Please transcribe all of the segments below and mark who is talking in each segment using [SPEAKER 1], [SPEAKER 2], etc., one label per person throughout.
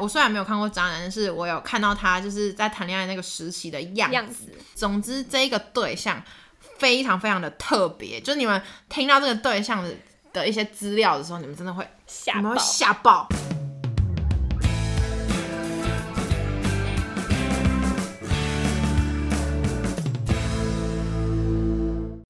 [SPEAKER 1] 我雖然沒有看過渣男，但是我有看到他就是在談戀愛那個時期的樣子。樣子，總之，這一個對象非常非常的特別。就是、你們聽到這個對象的的一些資料的時候，你們真的會嚇，你們會嚇爆。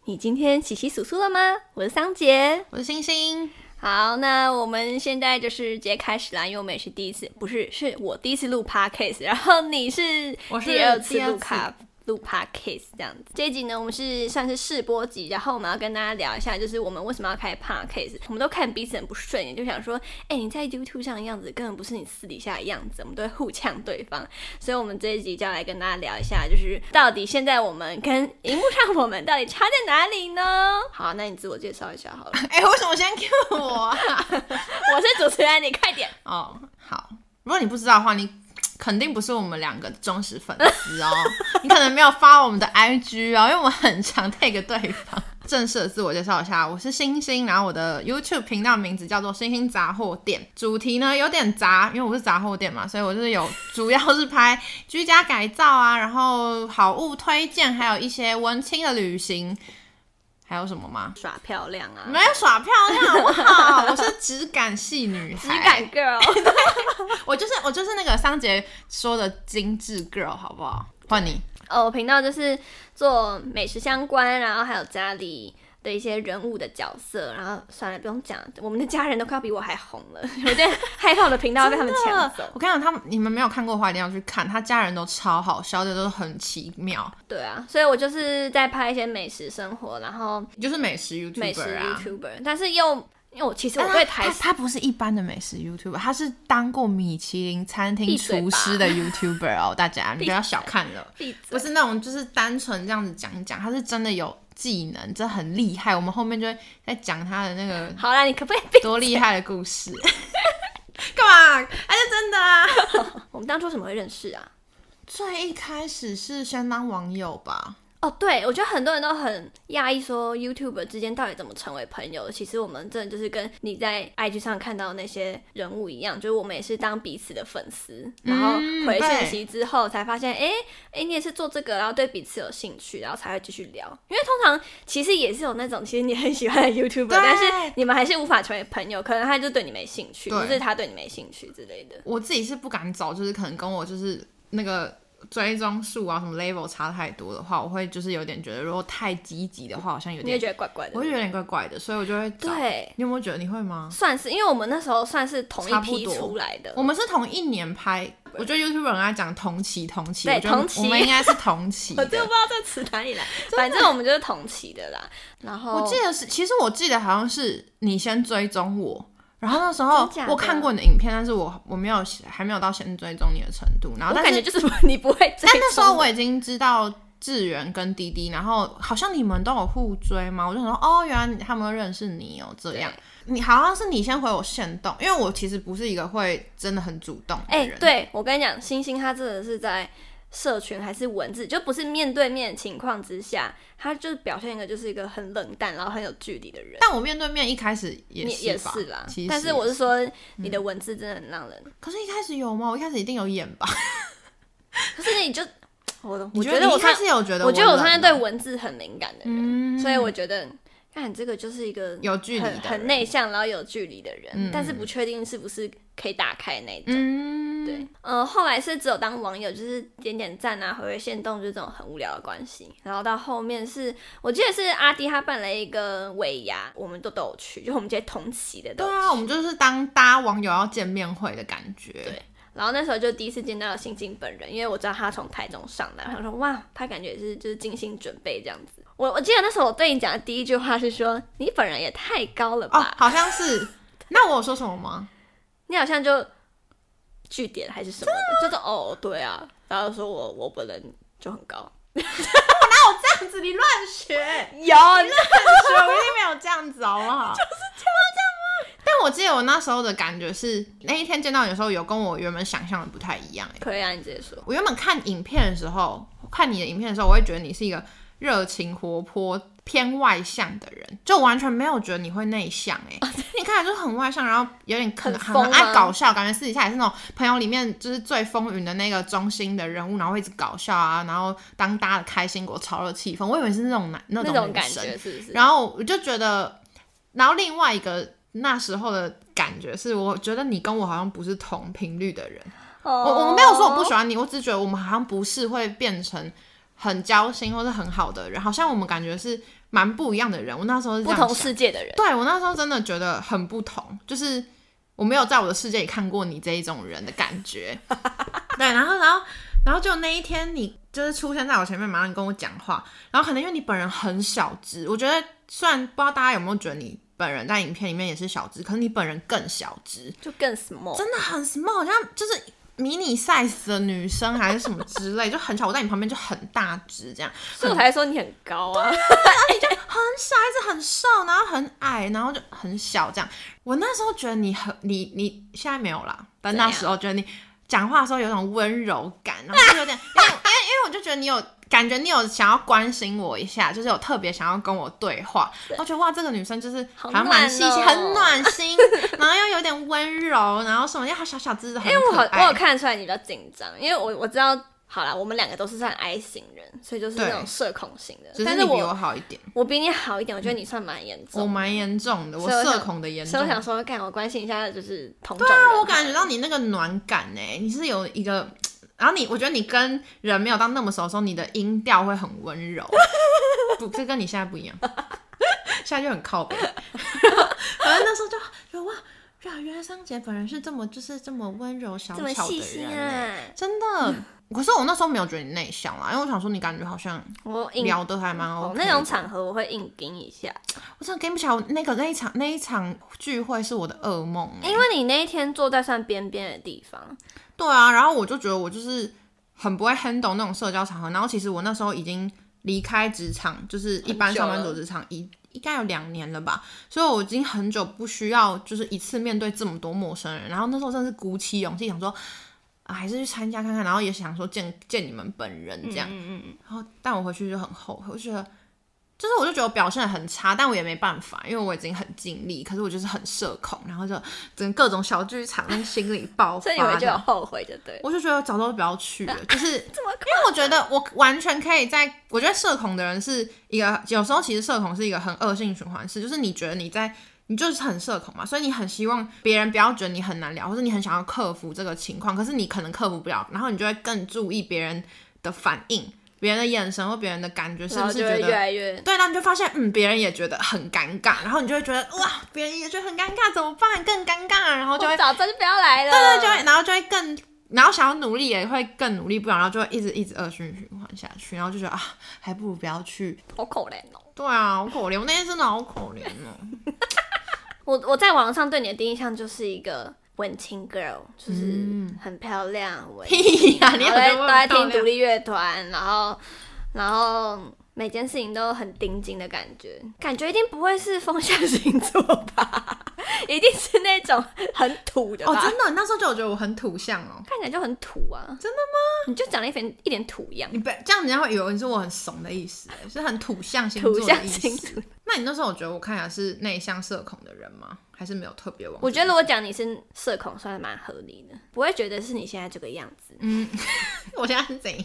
[SPEAKER 2] 你今天窸窸窣窣了嗎？我是桑潔，我是星星。好，那我們現在就是直接開始啦。因為我們也是第一次，不是，是我第一次錄 podcast，然後你是第二次錄卡。錄 podcast 這樣子，這一集呢，我們是算是試播集，然後我們要跟大家聊一下，就是我們為什麼要開 podcast。我們都看彼此很不順眼，就想說，哎、欸，你在 YouTube 上的樣子根本不是你私底下的樣子，我們都會互嗆對方，所以我們這一集就要來跟大家聊一下，就是到底現在我們跟熒幕上我們到底差在哪裡呢？好，那
[SPEAKER 1] 你自我介紹一下好了。哎、欸，為什麼先 Q 我？ 我是主持人，你快點哦。Oh, 好，如果你不知道的話，你。肯定不是我們兩個的忠實粉絲哦， 你可能沒有 follow 我們的 IG 哦，因為我們很常 tag 對方 正式的自我介紹一下，我是星星，然後我的 YouTube 頻道名字叫做星星雜貨店，主題呢有點雜，因為我是雜貨店嘛，所以我就是有主要是拍居家改造啊，然後好物推薦，還有一些文青的旅行。還有什麼嗎？耍漂亮啊？沒有耍漂亮，啊，我好，我是質感系女孩，質感 girl， 我就是我就是那個桑潔說的精緻 girl，好不好？換你哦，
[SPEAKER 2] 我頻道就是做美食相關，然後還有家裡。的一些人物的角色，然後算了，不用講。我們的家人都快要比我還紅了，我 有點害怕
[SPEAKER 1] 我的頻道被他們搶走。我跟你講，他們，你們沒有看過的話一定要去看。他家人都超好笑的，都很奇妙。
[SPEAKER 2] 對啊，所以我就是在拍一些美食生活，然後就是美食
[SPEAKER 1] YouTuber 啊，美食 YouTuber。但是又因為我其實我對台詞他，他，他不是一般的美食 YouTuber，他是當過米其林餐廳廚師的 YouTuber。哦， 大家你不要小看了，不是那種就是單純這樣子講一講，他是真的有。技能這很厲害，我們後面就會再講他的那個，好啦，你可不可以多厲害的故事？ 幹嘛？還、啊、是真的？啊？ 我們當初怎麼會認識啊？最一開始是先當網友吧。
[SPEAKER 2] 哦，對，我覺得很多人都很訝異，說 YouTuber 之間到底怎麼成為朋友？其實我們真的就是跟你在 IG 上看到的那些人物一樣，就是我們也是當彼此的粉絲，然後回信息之後才發現，哎、嗯、哎、欸欸，你也是做這個，然後對彼此有興趣，然後才會繼續聊。因為通常其實也是有那種，其實你很喜歡的 YouTuber，但是你們還是無法成為朋友，可能他就對你沒興趣，或、就是他對你沒興趣之類的。
[SPEAKER 1] 我自己是不敢找，就是可能跟我就是那個。追蹤數啊，什麼 level 差太多的話，我會就是有點覺得，如果太積極的話，好像有點。你也覺得怪怪的。我會覺得有點怪怪的，所以我就會。對。你有沒有覺得你會嗎？
[SPEAKER 2] 算是，因為我們那時候算是同一批出來的。我們是
[SPEAKER 1] 同一年拍。我覺得 YouTuber 很愛講同期，同期。對，同期。我覺得我們應該是同期。 我就不知
[SPEAKER 2] 道這詞哪裡來，反正我們就是同期的啦。然後我記得
[SPEAKER 1] 是，其實我記得好像是你先追蹤我。然後那時候我看過你的影片，但是我我沒有還沒有到先追蹤你的程度。然後但是我感覺就是你不會。但那時候我已經知道志源跟滴滴，然後好像你們都有互追嘛，我就想說哦，原來他們都認識你哦，這樣。你好像是你先回我限動，因為我其實不是一個會真的很主動的人。哎、欸，對
[SPEAKER 2] 我跟你講，星星他真的是在社群還是文字，就不是面對面情況之下，他就是表現一個就是一個很冷淡，然後很有距離的人。但
[SPEAKER 1] 我面對面一開始也是，也是啦，其實也是，但是我是說
[SPEAKER 2] 你的文字真的很讓人，嗯。可
[SPEAKER 1] 是，一開始有嗎？我一開始一定有演吧。
[SPEAKER 2] 可是，你就我， 我覺得我開始有覺得，我覺得我算是對文字很敏感的人，嗯、所以我覺得。那你這個就是一個有距離的，很內向，然後有距離的人、嗯，但是不確定是不是可以打開那
[SPEAKER 1] 種。嗯、對，
[SPEAKER 2] 嗯、呃。後來是只有當網友，就是點點讚啊，回回限動，就這種很無聊的關係。然後到後面是，我記得是阿滴他辦了一個尾牙，我們都都有去，就我們這些同期的
[SPEAKER 1] 都。對啊，我們就是當搭網友要見面會的感覺。對，
[SPEAKER 2] 然後那時候就第一次見到星星本人，因為我知道他從台中上來，他說哇，他感覺也是就是精心準備這樣子。我我記得那時候我對你講的第一句話是說你本人也太高了吧？哦，好像是。 那我有說什麼嗎？你好像就句點還是什麼？就是哦，對啊，然後就說我我本人就
[SPEAKER 1] 很高。我 哪有這樣子？你亂學？ 有？那亂學？我一定沒有這樣子，好不好？ 就是這樣嗎？但我記得我那時候的感覺是，那一天見到你的時候有跟我原本想象的不太一樣、欸。可以啊，你直接說。我原本看影片的時候，看你的影片的時候，我會覺得你是一個。熱情活潑、偏外向的人，就完全沒有覺得你會內向哎、欸！ 你看就是很外向，然後有點很很愛、啊啊、搞笑，感覺私底下也是那種朋友裡面就是最風雲的那個中心的人物，然後一直搞笑啊，然後當大家的開心果，超有氣氛。我以為是那種男那種女生種感覺是是，然後我就覺得，然後另外一個那時候的感覺是，我覺得你跟我好像不是同頻率的人。哦、我我沒有說我不喜歡你，我只覺得我們好像不是會變成。很交心或是很好的人，好像我們感覺是蠻不一樣的人。我那時候是不同世界的人，對，我那時候真的覺得很不同，就是我沒有在我的世界裡看過你這一種人的感覺。 對，然後然後然後就那一天你就是出現在我前面，馬上你跟我講話，然後可能因為你本人很小隻，我覺得雖然不知道大家有沒有覺得你。本人在影片裡面也是小隻，可是你本人更小隻，就更 small 的，真的很 small，像就是迷你 size 的女生還是什麼之類， 就很小，我在你旁邊就很大隻這樣，所以我才說你很高啊。 啊然後你就很小，一直很瘦，然後很矮，然後就很小這樣。我那時候覺得你很你你現在沒有啦，但那時候覺得你講話的時候有種溫柔感，然後就有點、啊、因為因為、啊、因為我就覺得你有。感覺你有想要關心我一下，就是有特別想要跟我對話，然後覺得哇，這個女生就是好像蠻細心、喔、很暖心， 然後又有點溫柔，然後什麼，又好小小資很因為我我有看
[SPEAKER 2] 出來你比較緊張，因為我我知道，好啦，我們兩個都是算 I 型人，所以就是那種社恐型的，但是我是比我好一點我，我比你好一點，我覺得你算蠻嚴
[SPEAKER 1] 重，我蠻嚴重的，我社恐的嚴重所，所以我想
[SPEAKER 2] 說，幹，我關心一下，就是同種是，對啊，我
[SPEAKER 1] 感覺到你那個暖感哎、欸、你是有一個。然後你，我覺得你跟人沒有到那麼熟的時候，你的音調會很溫柔， 不，這跟你現在不一樣， 現在就很靠北。 然後 反正那時候就覺 哇，啊，原來桑潔本人是這麼就是這麼溫柔小巧的人哎、欸啊，真的。 可是我那時候沒有覺得你內向啊，因為我想說你感覺好像
[SPEAKER 2] 我聊的還
[SPEAKER 1] 蠻、OK 的哦、那種場
[SPEAKER 2] 合我會硬頂一下。
[SPEAKER 1] 我真的跟不起來，那個那一場那一場聚會是我的噩夢、欸，因
[SPEAKER 2] 為你那一天坐在算邊邊的地方。
[SPEAKER 1] 對啊，然後我就覺得我就是很不會 handle 那種社交場合，然後其實我那時候已經離開職場，就是一般上班族職場一應該有兩年了吧，所以我已經很久不需要就是一次面對這麼多陌生人，然後那時候真的是鼓起勇氣想說，啊，還是去參加看看，然後也想說見見你們本人這樣，嗯，然後但我回去就很後悔，我覺得。就是我就覺得我表現很差，但我也沒辦法，因為我已經很盡力。可是我就是很社恐，然後就整個各種小劇場在 心裡爆發。所以你就後悔就對。我就覺得早都不要去了，就是， 因為我覺得我完全可以在。我覺得社恐的人是一個，有時候其實社恐是一個很惡性循環式，就是你覺得你在，你就是很社恐嘛，所以你很希望別人不要覺得你很難聊，或者你很想要克服這個情況，可是你可能克服不了，然後你就會更注意別人的反應。別人的眼神或別人的感覺，是不是覺得對？那你就發現，嗯，別人也覺得很尷尬，然後你就會覺得哇，別人也覺得很尷尬，怎麼辦？更尷尬啊，然後就會早知就不要來了。對對、對，就會，然後就會更，然後想要努力也會更努力不了，然後就會一直一直惡循循環下去，然後就覺得啊，還不如不要去，好可憐哦。對啊，好可憐，我那天真的好可憐哦。 我
[SPEAKER 2] 我在網上對你的第一印象就是一個。文青 girl 就是很漂亮，我、嗯、 會都在聽獨立樂團，然後然後每件事情都很盯緊的感覺，感覺一定不會是風象星座吧， 一定是那種很土的吧。哦，真的，那
[SPEAKER 1] 時候就我覺得我很土象哦，看起來就很土啊。真的嗎？你就講了一點一點土樣，你不這樣子，然後有人說我很慫的意思，是很土象星座的意思。那你那時候，我覺得我看起來是內向社恐的人嗎？還是沒有特別忘記？我覺
[SPEAKER 2] 得如果講你是社恐，算是蠻合理的，不會覺得是你現在這個樣子。
[SPEAKER 1] 嗯，
[SPEAKER 2] 我現在是怎樣？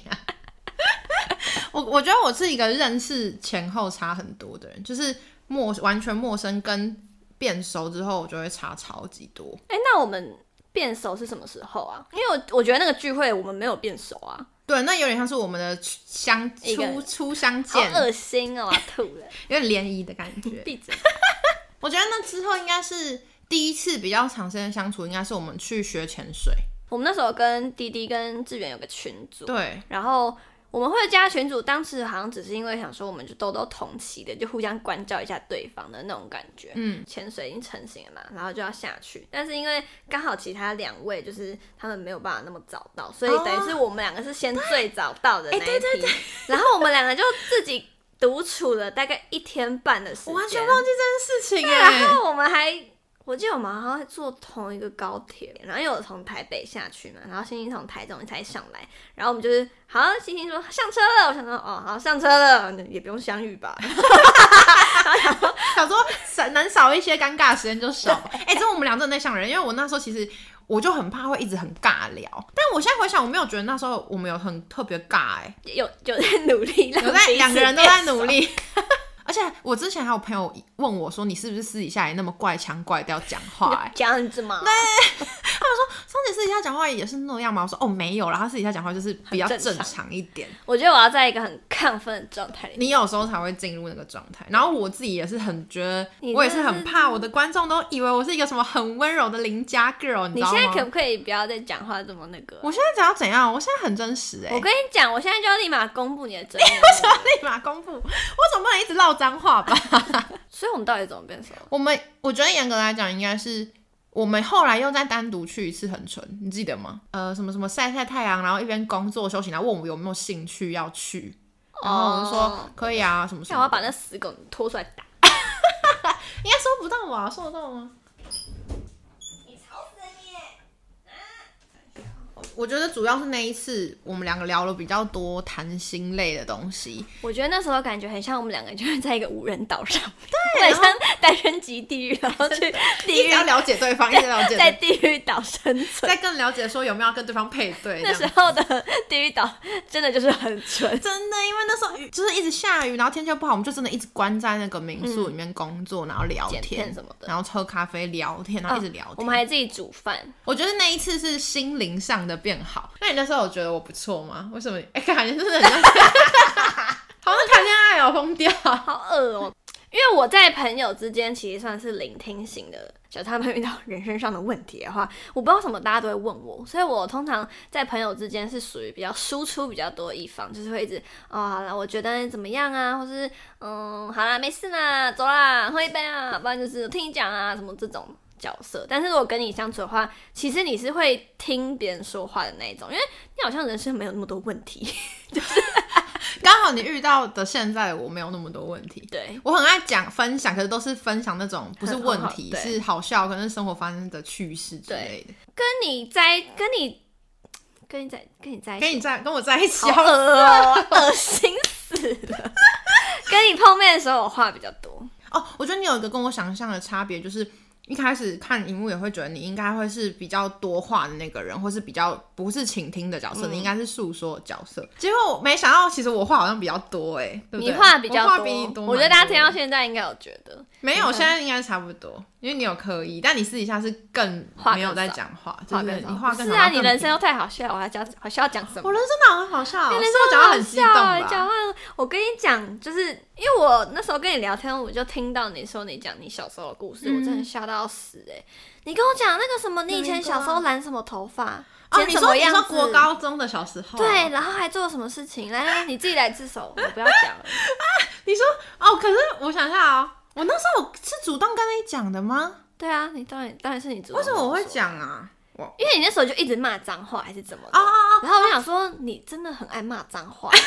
[SPEAKER 1] 我我覺得我是一個認識前後差很多的人，就是陌完全陌生跟變熟之後，我就會差超級多。哎、欸，那我們變
[SPEAKER 2] 熟是什麼時候啊？因為我覺得那個聚會我們沒有變熟啊。
[SPEAKER 1] 對，那有點像是我們的相初初
[SPEAKER 2] 相見，好噁心哦，我吐了，
[SPEAKER 1] 有點聯誼的感覺。閉嘴！ 我覺得那之後應該是第一次比較長時間的相處，應該是我們去學潛水。
[SPEAKER 2] 我們那時候跟滴滴跟志遠有個群組，對，然
[SPEAKER 1] 後。我們會
[SPEAKER 2] 加群組，當時好像只是因為想說，我們就都都同期的，就互相關照一下對方的那種感覺。嗯，潛水已經成型了嘛，然後就要下去。但是因為剛好其他兩位就是他們沒有辦法那麼早到，所以等於是我們兩個是先最早到的那一批，哦欸、對對對，然後我們兩個就自己獨處了大概一天半的時間，我完全忘記這
[SPEAKER 1] 件事情、欸。哎，然後
[SPEAKER 2] 我們還。我記得我們好像坐同一個高鐵，然後因為我從台北下去嘛，然後星星從台中才上來，然後我們就是，好、啊，星星說上車
[SPEAKER 1] 了，我想說哦好上車了，也不用相遇吧， 然後想說少 能少一些尷尬的時間就少。哎，這、欸、我們兩個人在內向人，因為我那時候其實我就很怕會一直很尬聊，但我現在回想，我沒有覺得那時候我們有很特別尬、欸，哎，
[SPEAKER 2] 有有在努力，有在兩個人都在努力。
[SPEAKER 1] 而且我之前還有朋友問我說：“你是不是私底下也那麼怪腔怪調講話？”欸，這樣子嘛。 他們說，桑姐私底下講話也是那樣嗎？我說哦，沒有啦，他私底下講話就是比較正常一點常。我覺得我要在一個很亢奮的狀態裡面，你有時候才會進入那個狀態。然後我自己也是很覺得，我也是很怕我的觀眾都以為我是一個什麼很溫柔的鄰家 girl 你。你現在可不可
[SPEAKER 2] 以不要再講話這麼那個？
[SPEAKER 1] 我現在講要怎樣？我現在很真實哎、欸！我跟
[SPEAKER 2] 你講，我現在就要立馬公
[SPEAKER 1] 布你的真。你為什麼要立馬公布？我總不能一直嘮髒話吧？ 所以，我們到底怎麼變熟？我們我覺得嚴格來講，應該是。我們後來又再單獨去一次恆春，你記得嗎？呃，什麼什麼曬晒太陽，然後一邊工作休息，然後問我們有沒有興趣要去，哦、然後我們說可以,、啊、可以啊，什麼什麼，我要,要
[SPEAKER 2] 把那死狗拖出來打，
[SPEAKER 1] 應該收不到吧、啊？收得到嗎？我覺得主要是那一次，我們兩個聊了比較多談心類的東西。我覺得那時候感覺很像我們兩個就是在一個無人島上，對、
[SPEAKER 2] 啊，像單身即地獄，然後去地，地獄要了解對方，對一直了解，在地獄島生存，再更了解說有沒有要跟對方配對。那時候的地獄島真的就是很純，
[SPEAKER 1] 真的，因為那時候就是一直下雨，然後天氣又不好，我們就真的一直關在那個民宿裡面工作，嗯、然後聊天什麼的，然後喝咖啡聊天，然後一直聊天。哦、我們還自己煮飯。我覺得那一次是心靈上的。變好，那你那時候我覺得我不錯嗎？為什麼？哎、欸，感覺真的很 好的談戀、哦， 好像談戀愛要瘋掉，好噁哦。因為我在朋友之
[SPEAKER 2] 間其實算是聆聽型的，只要他們遇到人身上的問題的話，我不知道什麼大家都會問我，所以我通常在朋友之間是屬於比較輸出比較多的一方，就是會一直啊、哦，我覺得怎麼樣啊，或是嗯，好啦，沒事啦，走啦，喝一杯啊，好不然就是聽你講啊，什麼這種。角色，但是如果跟你相處的話，其實你是會聽別人說話的那一種，因為你好像人生沒有那麼多問題。就
[SPEAKER 1] 是、 剛好你遇到的現在我沒有那麼多問題。對我很愛講分享，可是都是分享那種不是問題，好是好笑，可能是生活發生的趣事之類的。
[SPEAKER 2] 跟你在跟你跟你在跟你在跟你在跟我在一起，好噁、喔、 噁
[SPEAKER 1] 心死了。 跟你碰面的時候，我話比較多。哦，我覺得你有一個跟我想象的差別就是。一開始看熒幕也會覺得你應該會是比較多話的那個人，或是比較不是傾聽的角色，嗯、你應該是訴說角色。結果我沒想到，其實我話好像比較多哎、欸，你話比較話比你多、多。我覺得大家聽到
[SPEAKER 2] 現在應該有覺得沒有，現在
[SPEAKER 1] 應該差不多，因為你有刻意，但你私底下是更沒有在講話，少就是你話跟是啊更，你人生又太好笑，我要講好笑講什麼？我人生哪有好、喔、好笑？那時我講的
[SPEAKER 2] 很激動話，我跟你講就是。因為我那時候跟你聊天，我就聽到你說你講你小時候的故事，嗯、我真的嚇到死哎、欸！你跟我講那個什麼，你以前小時候染什麼頭髮、哦，剪什麼樣子？國高中的小時候、啊，對，然後還做了什麼事情？來來、啊，你自己
[SPEAKER 1] 來自首， 我不要講了。啊，你說哦，可是我想一下啊、哦，我那時候我是主動跟你講的嗎？對啊，你當然當然是你主動。為什麼我會講啊？因為
[SPEAKER 2] 你那時候就一直罵髒話還是怎麼的？啊啊啊！然後我就想說，你真的很愛罵髒話。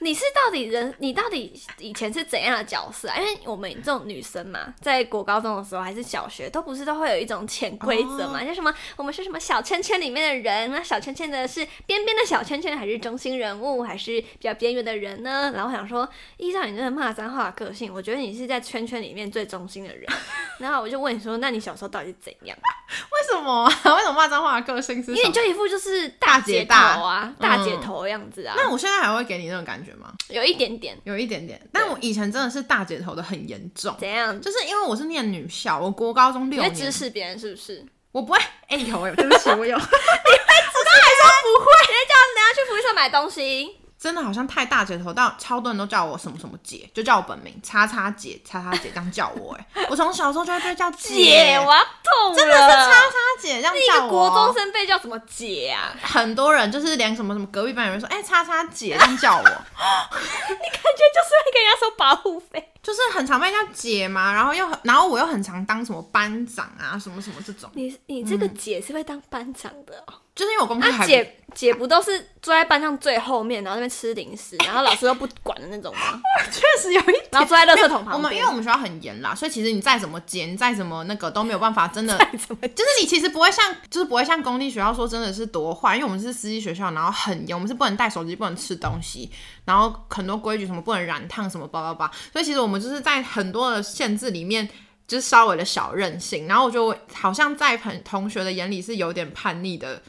[SPEAKER 2] 你是到底人？你到底以前是怎樣的角色啊？因為我們這種女生嘛，在國高中的時候還是小學，都不是都會有一種潛規則嘛，就什麼我們是什麼小圈圈裡面的人，那小圈圈的是邊邊的小圈圈，還是中心人物，還是比較邊緣的人呢？然後我想說，依照你這個罵髒話的個性，我覺得你是在圈圈裡面最中心的人。 然後我就問你說，那你小時候到底是怎樣？為什麼？為什麼罵髒話的個
[SPEAKER 1] 性是？因為你就一副就是大姐頭啊，大姐大、嗯、大姐頭
[SPEAKER 2] 的樣子啊。那我
[SPEAKER 1] 現在還會給你那種感覺。有一點點，有一點點，但我以前真的是大姐頭的很嚴重。怎樣？就是因為我是念女校，我國高中六年。你指使
[SPEAKER 2] 別人是不是？
[SPEAKER 1] 我不會。哎、欸、有、欸，喂， 對不起，我有。 你會我剛剛還說不會，人 家叫你等下去福利社買東西。真的好像太大姐頭，但超多人都叫我什麼什麼姐，就叫我本名叉叉姐、叉叉姐這樣叫我、欸。哎， 我從小時候就會被叫姐，姐，我要痛了。真的是叉叉姐這樣叫我。一個國中生被叫什麼姐啊？很多人就是連什麼什麼隔壁班有人說，哎、欸，叉叉姐這樣叫我， 你感覺就是在跟人家收保護費。就是很常被叫姐嘛，然後又很然後我又很常當什麼班長啊，什麼什麼這種。你你這個姐、嗯、是會當班長
[SPEAKER 2] 的，就是因為我公立，他、啊、姐姐不都是坐在班上最後面，然後那邊吃零食，然後老師又不管的那種嗎？
[SPEAKER 1] 確實有一點，然後坐在垃圾桶旁邊。我們因為我們學校很嚴啦，所以其實你再怎麼尖，再怎麼那個都沒有辦法，真的，就是你其實不會像，就是不會像公立學校說真的是多壞，因為我們是私立學校，然後很嚴，我們是不能帶手機，不能吃東西。然後很多規矩，什麼不能染燙，什麼叭叭叭。所以其實我們就是在很多的限制裡面，就是稍微的小任性。然後我就好像在朋同學的眼裡是有點叛逆的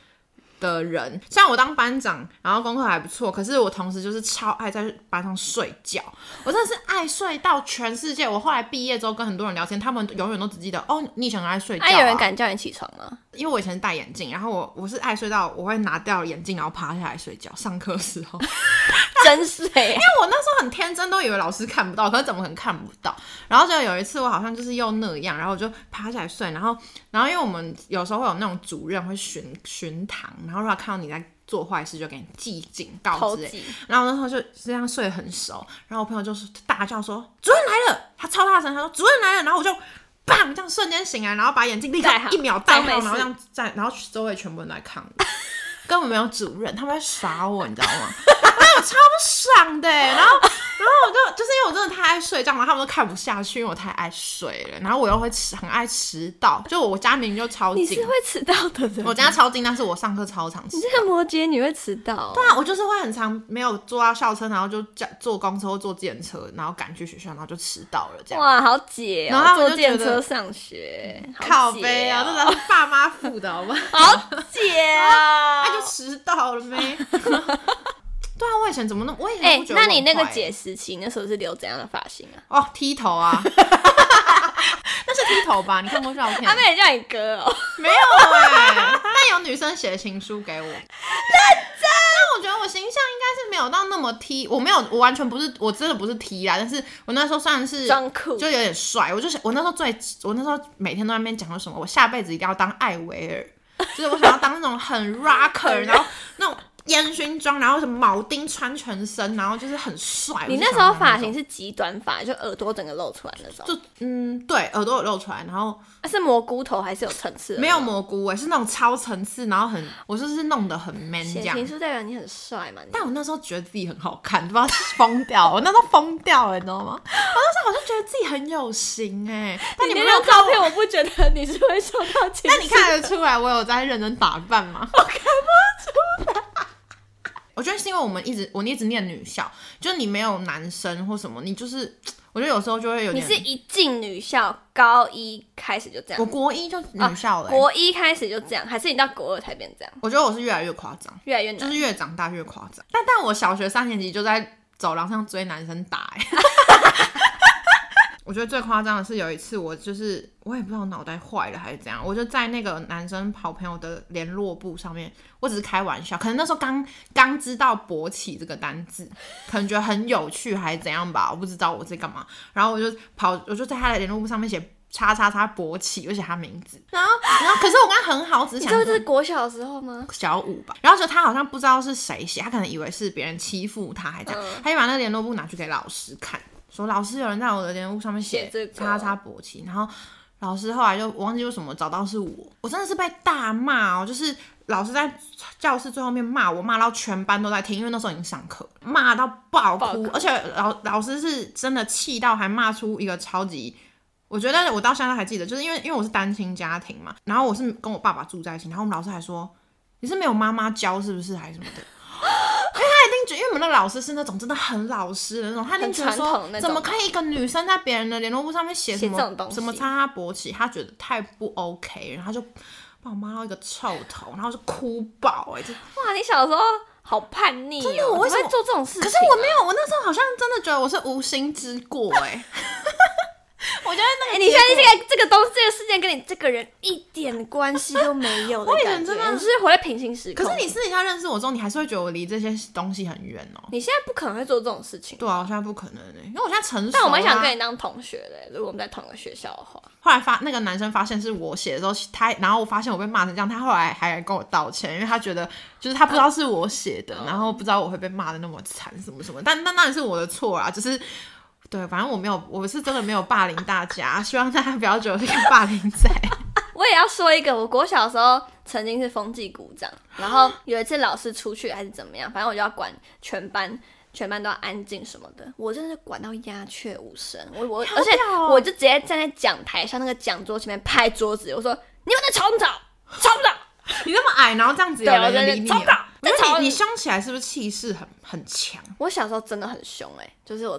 [SPEAKER 1] 的人。雖然我當班長，然後功課還不錯，可是我同時就是超愛在班上睡覺。我真的是愛睡到全世界。我後來畢業之後跟很多人聊天，他們永遠都只記得哦，你很愛睡覺、啊。啊、有人敢
[SPEAKER 2] 叫你起床嗎？
[SPEAKER 1] 因為我以前戴眼鏡，然後我我是愛睡到，我會拿掉眼鏡，然後趴下來睡覺。上課時候， 真是、欸啊、因為我那時候很天真，都以為老師看不到，可是怎麼可能看不到？然後就有一次，我好像就是又那樣，然後我就趴下來睡，然後然後因為我們有時候會有那種主任會巡巡堂，然後他看到你在做壞事，就給你記警告之類。然後那時候就這樣睡得很熟，然後我朋友就是大叫說：“主任來了！”他超大聲，他說：“主任來了！”然後我就。棒，這樣瞬間醒來，然後把眼鏡立刻一秒戴上，然後這樣站，然後周圍全部人在看我， 根本沒有主任，他們在耍我，你知道嗎？ 哎，我超不爽的、欸。然後，然後我就就是因為我真的太愛睡覺了，然後他們都看不下去，因為我太愛睡了。然後我又會很愛遲到，就我家明就超級你是會遲到的，人我家超近，但是我上課超長時間。你這個摩羯，你會遲到、哦？對啊，我就是會很常沒有坐到、啊、校車，然後就坐坐公車或坐電車，然後趕去學校，然後就遲到了。這樣
[SPEAKER 2] 哇，好解、哦。然後他們就覺得坐電車上學、哦、靠北啊，真的是
[SPEAKER 1] 爸媽付的好嗎？好解、哦、 然後 啊，那就遲到了沒 對啊，我以前怎麼那麼我以前那麼、欸，那你那個解
[SPEAKER 2] 釋情，那時候是留怎樣的髮型啊？哦，剃頭啊，
[SPEAKER 1] 那是剃頭吧？你看莫照片？他那也叫你哥哦，沒有啊，欸， 但有女生寫情書給我。認真， 但我覺得我形象應該是沒有到那麼剃，我沒有，我完全不是，我真的不是剃啊。但是我那時候算是就有點帥，我就想我那時候最我那時候每天都在那邊講說什麼，我下輩子一定要當艾維爾，就是我想要當那種很 rocker， 然後那種。煙熏妝，然後什麼鉚釘穿全身，然後就是很帥。你那時候髮型
[SPEAKER 2] 是極短髮，就耳朵整個露出來那
[SPEAKER 1] 種。就嗯，對，耳朵有露出來，然後、啊、是蘑菇頭還是有層次？沒有蘑菇、欸，是那種超層次，然後很，我就是弄得很 man，這樣。情書
[SPEAKER 2] 代表你很帥嘛？
[SPEAKER 1] 但我那時候覺得自己很好看，都 要瘋掉。我那時候瘋掉了，你知道嗎？ 我那時候好像覺得自己很有型哎、欸。 但你們有照片，我不覺得你是會收到情書 那你看得出來我有在認真打扮嗎？我看不出來。我覺得是因為我們一直，我們一直念女校，就是你沒有男生或什麼，你就是，我覺得有時候就會有。你是一
[SPEAKER 2] 進女校，高一開始就這樣？我國一就女校了。欸，哦，國一開始就這樣，還是你到國二才變
[SPEAKER 1] 這樣？我覺得我是越來越誇張，越來越就是越長大越誇張。但但我小學三年級就在走廊上追男生打，欸，哎。 我覺得最誇張的是有一次，我就是我也不知道腦袋壞了還是怎樣，我就在那個男生好朋友的聯絡簿上面，我只是開玩笑，可能那時候剛剛知道“勃起”這個單字，可能覺得很有趣還是怎樣吧，我不知道我在幹嘛。然後我就跑，我就在他的聯絡簿上面寫“叉叉叉勃起”，又寫他名字。然後，然後可是我跟他很好，只想都是，是，是國小的時候嗎？小五吧。然後說他好像不知道是誰寫，他可能以為是別人欺負他，還這樣、嗯，他就把那聯絡簿拿去給老師看。說老師，有人在我的人物上面寫叉叉薄情。然後老師後來就忘記為什麼找到是我，我真的是被大罵哦，就是老師在教室最後面罵我，罵到全班都在聽，因為那時候已經上課，罵到哭爆哭，而且老老師是真的氣到還罵出一個超級，我覺得我到現在還記得，就是因為因為我是單親家庭嘛，然後我是跟我爸爸住在一起，然後我們老師還說，你是沒有媽媽教是不是還是什麼的？ 因為他一定覺得因為我們的老師是那種真的很老實的那種。他一定覺得說，怎麼可以一個女生在別人的聯絡簿上面寫什麼什麼擦他勃起？他覺得太不 OK，然後就把我罵到一個臭頭，然後就哭爆哎、欸！哇，你小時候好叛逆、喔。真的，我會做這種事情、啊。可是我沒有，我那時候好像真的覺得我是無心之過哎、欸。 覺得那個、欸，你現在這個這個東這個事件跟你這個人一點關係都沒有我的感覺， 你，你是，是活在平行時空。可是你私底下認識我之後，你還是會覺得我離這些東西很遠哦、喔。你現在不可能會做這種事情。對啊，我現在不可能呢、欸，因為我現在成熟。但我沒想跟
[SPEAKER 2] 你當同學嘞，如果我們在同一個學校的話。
[SPEAKER 1] 後來發那個男生發現是我寫的時候，他然後我發現我被罵成這樣，他後來還跟我道歉，因為他覺得就是他不知道是我寫的、嗯，然後不知道我會被罵得那麼慘，什麼什麼。嗯、但那當然是我的錯啊，只、就是。對，反正我沒有，我是真的沒有霸凌大家， 希望大家不要覺得個霸凌在。
[SPEAKER 2] 我也要說一個，我國小的時候曾經是風紀股長，然後有一次老師出去還是怎麼樣，反正我就要管全班，全班都要安靜什麼的，我真的是管到鴉雀無聲。我我條條，喔，而且我就直接站在講台上那個講桌前面拍桌子，我說你們在吵不吵？吵不吵？ 你那麼矮，然後這樣子有那個力量，啊，
[SPEAKER 1] 你說你你凶起來是不是氣勢很很強？
[SPEAKER 2] 我小時候真的很凶哎、欸，就是我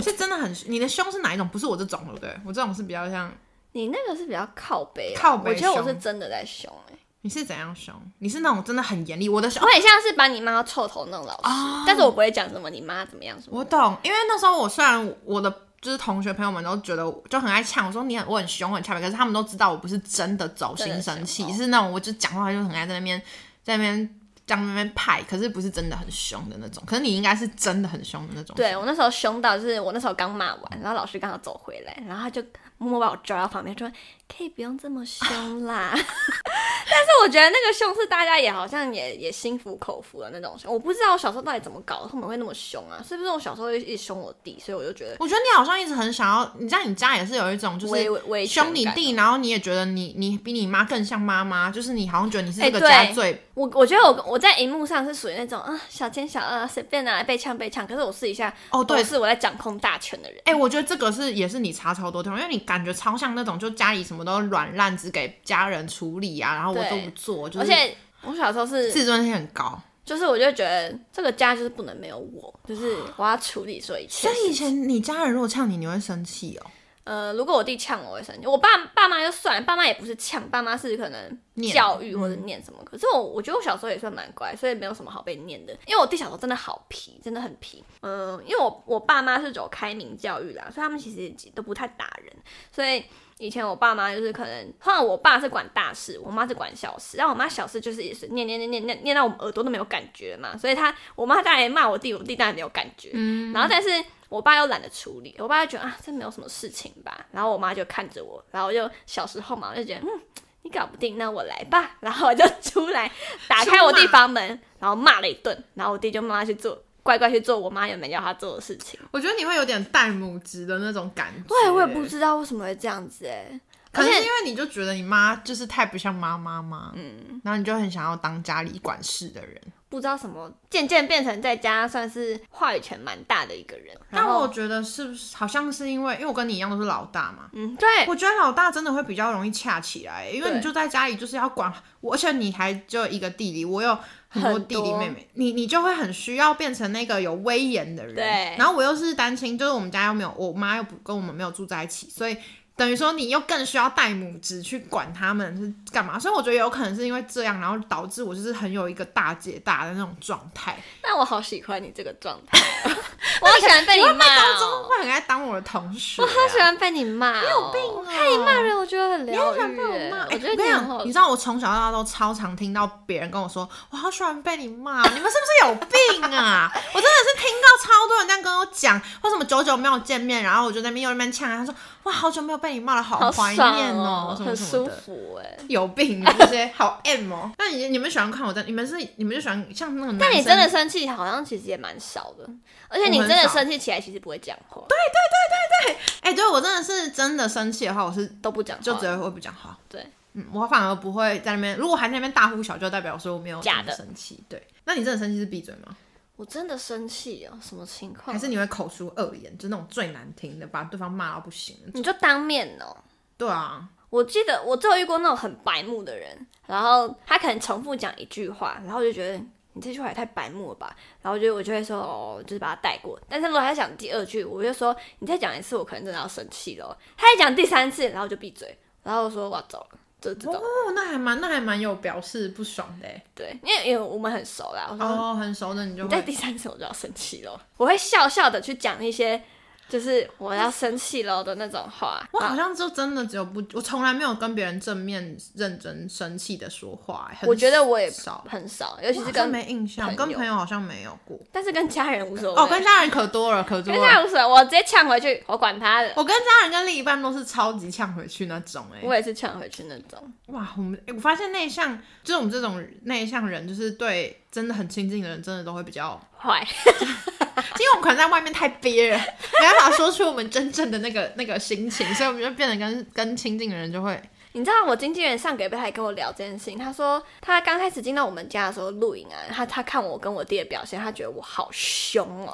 [SPEAKER 2] 是
[SPEAKER 1] 真，真的很兇，你的凶是哪一種？不是我這種對不對？我這種是比較像，
[SPEAKER 2] 你那個是比較靠北，啊、靠北，我覺得我是真的在凶哎、
[SPEAKER 1] 欸。你是怎樣凶？你是那種真的很嚴厲，我的小我很像是
[SPEAKER 2] 把你罵到臭頭弄老師，oh, 但是我不會講什麼你媽怎麼樣什麼
[SPEAKER 1] 樣。我懂，因為那時候我雖然我的。就是同學朋友們都覺得就很愛嗆我說你很我很兇很嗆，可是他們都知道我不是真的走心生氣，是那種我就講話就很愛在那邊在那邊在那邊派，可是不是真的很兇的那種。可是你應該是真的很兇的那種。對，
[SPEAKER 2] 我那時候兇到就是我那時候剛罵完，然後老師剛好走回來，然後他就。默默把我拽到旁邊說：“可以不用這麼凶啦。 ” 但是我覺得那個凶是大家也好像也也心服口服的那種。我不知道我小時候到底怎麼搞，他們會那麼凶啊？是不是我小時候一直凶我弟？所以我就覺得，我覺得你好
[SPEAKER 1] 像一直很想要，你在你家也是有一種就是凶你弟，然後你也覺得你你，你比你媽更像媽媽，就是你好像覺得你是這個家最……
[SPEAKER 2] 欸、我我覺得我我在熒幕上是屬於那種啊小奸小惡，隨便拿來、啊、被嗆被嗆。可是我試一下哦，對，是我在掌控大權的人。哎、
[SPEAKER 1] 欸，我覺得這個是也是你差超多地方，因為你。感覺超像那種，就家裡什麼都軟爛只給家人處理啊，然後我都不做。就是、
[SPEAKER 2] 而且我小時候是自尊心很高，就是我就覺得這個家就是不能沒有我，就是我要處理，所以
[SPEAKER 1] 像以前你家人如果嗆你，你會生氣哦。
[SPEAKER 2] 呃，如果我弟嗆我會生氣，我爸爸媽就算了，爸媽也不是嗆，爸媽是可能教育或者念什麼。嗯，可是我我覺得我小時候也算蠻乖，所以沒有什麼好被念的。因為我弟小時候真的好皮，真的很皮。嗯，呃，因為我我爸媽是走開明教育啦，所以他們其實都不太打人，所以。以前我爸媽就是可能，後來我爸是管大事，我媽是管小事。然後我媽小事就是也是念念念念念念到我們耳朵都沒有感覺嘛，所以她我媽當然也罵我弟，我弟當然沒有感覺。嗯，然後但是我爸又懶得處理，我爸就覺得啊這沒有什麼事情吧。然後我媽就看着我，然後就小時候嘛，我就覺得嗯你搞不定，那我來吧。然後我就出來打開我弟房門，然後罵了一頓，然後我弟就慢慢去做。乖乖去做我媽也沒叫她做
[SPEAKER 1] 的事情。我覺得你會有點代母職的那種感覺。對，我也不知道為什麼會這樣子哎、欸。可是因為你就覺得你媽就是太不像媽媽嘛，嗯，然後你就很想要當家裡管事的人。
[SPEAKER 2] 不知道什麼，漸漸變成在家算是話語權蠻大
[SPEAKER 1] 的一個人。但我覺得是不是好像是因為因為我跟你一樣都是老大嘛，嗯，對，我覺得老大真的會比較容易恰起來，因為你就在家裡就是要管，我而且你還就有一個弟弟，我有。很多弟弟妹妹，你你就會很需要變成那個有威嚴的人。對。然後我又是單親，就是我們家又沒有，我媽又不跟我們沒有住在一起，所以等於說你又更需要代母職去管他們是幹嘛。所以我覺得有可能是因為這樣，然後導致我就是很有一個大姐大的那種狀態。
[SPEAKER 2] 那我好喜歡你這個狀態。
[SPEAKER 1] 我好喜歡被你罵、哦，我好喜歡被你罵、哦、你會高中會很愛當我的同學、啊，我好喜歡被你罵、哦，你有病哦、啊！你、hey, 罵人我覺得很療癒。你很喜歡被我罵，我覺得你、欸、有點……你知道我從小到大都超常聽到別人跟我說，我好喜歡被你罵， 你們是不是有病啊？ 我真的是聽到超多人這樣跟我講，為什麼久久沒有見面，然後我就在那邊又那邊嗆他說。好久沒有被你罵了、哦，好懷念哦什麼什麼，很舒服哎、欸，有病，你這些好 M 哦。那 你你們喜歡看我？在，你們是你們就喜歡像那個。但你真的生
[SPEAKER 2] 氣，好像其實也蠻少的。而且你真的
[SPEAKER 1] 生氣起來，其實不會講話。對對對對、欸、對，哎，對我真的是真的生氣的話，我是都不講，就只會不講話。對，嗯，我反而不會在那邊，如果還在那邊大呼小叫，代表說我沒有氣假的生氣。對，那你真的生氣是閉嘴嗎？我真的生氣哦、喔，什麼情況、啊？還是你會口出惡言，就是、那種最難聽的，把對方罵到不行？你就當面哦、喔。對啊，
[SPEAKER 2] 我記得我只有遇過那種很白目的人，然後他可能重複講一句話，然後我就覺得你這句話也太白目了吧，然後我就我就會說哦，就是把他帶過。但是如果他講第二句，我就說你再講一次，我可能真的要生氣了。他一講第三次，然後我就閉嘴，
[SPEAKER 1] 然後我說我要走了。哦，這種，那還蠻，那還蠻有表示不爽的。對，
[SPEAKER 2] 因為因為我們很熟啦。我說哦，很熟的你就你在第三次我就要生氣了，
[SPEAKER 1] 我會笑笑
[SPEAKER 2] 的去講一些。就是我要生氣了的那種話，我好
[SPEAKER 1] 像就真的只有不，我從來沒有跟別人正面認真生氣的說話，很少。我覺得我也少
[SPEAKER 2] 很少，尤其是跟朋友沒印象、嗯、跟朋友好像沒有過，但是跟家人無所謂。哦，跟家人可
[SPEAKER 1] 多了，可多了。跟家人無
[SPEAKER 2] 所謂，我直接嗆回去，我管他的。
[SPEAKER 1] 我跟家人跟另一半都是超級嗆回去那種、欸，哎，我也是嗆回去那種。哇，我們、欸、我發現內向就是我們這種內向人，就是對。真的很親近的人，真的都會比較壞， 因為我們可能在外面太憋了，沒辦法說出我們真正的那個那個心情，所以我們就變得跟跟
[SPEAKER 2] 親近的人就會。你知道我經紀人上個月還跟我聊這件事情，他說他剛開始進到我們家的時候錄影啊，他他看我跟我弟的表現，他覺得我好凶哦，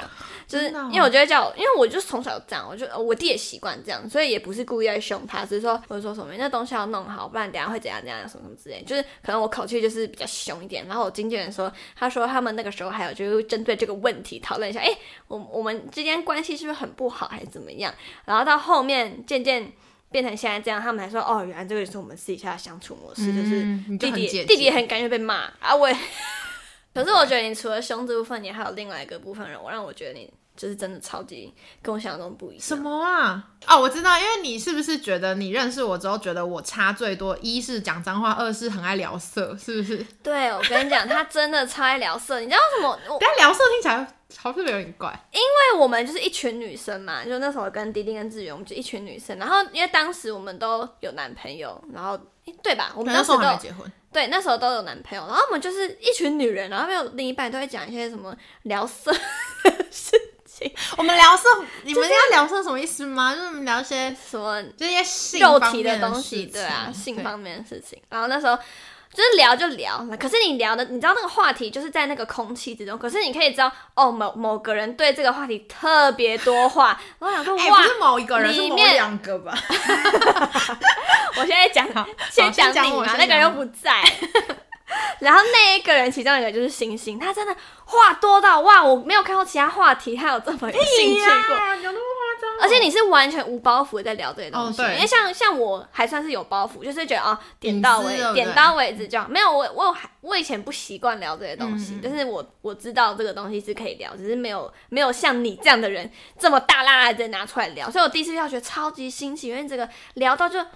[SPEAKER 2] 就是因為我覺得叫我，因為我就是從小這樣，我就我弟也習慣這樣，所以也不是故意要凶他，只是說我就說什麼那東西要弄好，不然等下會怎樣怎樣什麼什麼之類，就是可能我口氣就是比較凶一點。然後我經紀人說，他說他們那個時候還有就是針對這個問題討論一下，誒、欸，我我們之間關係是不是很不好還是怎麼樣？然後到後面漸漸。變成現在這樣，他們還說哦，原來這個也是我們私底下的相處模式，嗯、就是弟弟姐姐弟弟很甘願被罵啊喂。 可是我覺得你除了凶這部分，你還有另外一個部分人，我讓我覺得你就是真的超級跟我
[SPEAKER 1] 想象中不一樣。什麼啊？哦，我知道，因為你是不是覺得你認識我之後，覺得我差最多一是講髒話，二是很愛聊色，是不是？對，我跟你
[SPEAKER 2] 講，他真的超愛聊色。 你知道為什麼？我跟他聊色聽起
[SPEAKER 1] 來。好像是有點怪，因
[SPEAKER 2] 為我們就是一群女生嘛，就那時候跟滴滴跟志遠，我們就一群女生。然後因為當時我們都有男朋友，然後、欸、對吧？我們那時候還沒結婚。對，那時候都有男朋友。然後我們就是一群女人，然後沒有另一半，都會講一些什麼聊色事情。 我們聊色，就是、你們知道聊色什麼意思嗎？就是聊一些什麼，就是一些性肉體的東西，對啊，性方面的事情。然後那時候。就是聊就聊，可是你聊的，你知道那個話題就是在那個空氣之中。可是你可以知道，哦，某某個人對這個話題特別多話。我想說話裡面，不是某一個人，是某，兩個吧？ 我現在講，先講你嘛，那個人又不在。 然後那一個人，其中一個就是星星，他真的話多到哇！我沒有看過其他話題，他有這麼有興趣過、
[SPEAKER 1] 欸啊、有那麼誇
[SPEAKER 2] 張？而且你是完全無包袱的在聊這些東西，哦、因為像像我還算是有包袱，就是覺得啊、哦、點到尾，哦、點到為止，這樣沒有我我我，我以前不習慣聊這些東西，嗯嗯就是我我知道這個東西是可以聊，只是沒有沒有像你這樣的人這麼大剌剌的拿出來聊，所以我第一次要覺得超級新奇，因為這個聊到就哦，誰啊，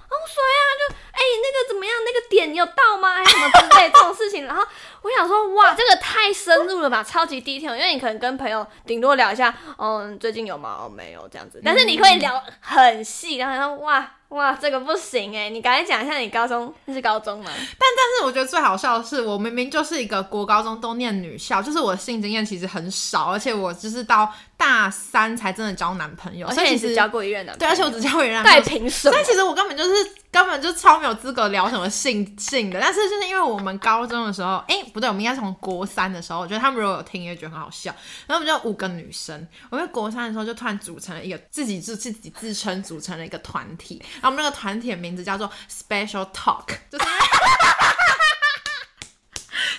[SPEAKER 2] 就哎、欸、那個怎麼樣，那個點你有到嗎？哎什麼之類的。 這種事情，然後我想說，哇，哇，這個太深入了吧，超級 detail。因為你可能跟朋友頂多聊一下，嗯，
[SPEAKER 1] 最近有嗎？哦、沒有這樣子。但是你會聊
[SPEAKER 2] 很細，嗯、然後說，哇。哇，這個不行哎、欸！你趕緊講一下，你高中是高中嗎？
[SPEAKER 1] 但但是我覺得最好笑的是，我明明就是一個國高中都念女校，就是我的性經驗其實很少，而且我就是到大三才真的交男朋友。而且朋友，所以你是交過一任的？對，而且我只交過一任。帶評審？但其實我根本就是根本就超沒有資格聊什麼性性的，但是就是因為我們高中的時候，哎、欸，不對，我們應該從國三的時候，我覺得他們如果有聽，也覺得很好笑。然後我們就五個女生，我在國三的時候就突然組成了一個自己，自己自自己自稱組成了一個團體。然後我們那個團體的名字叫做 Special Talk，就是，哈哈哈，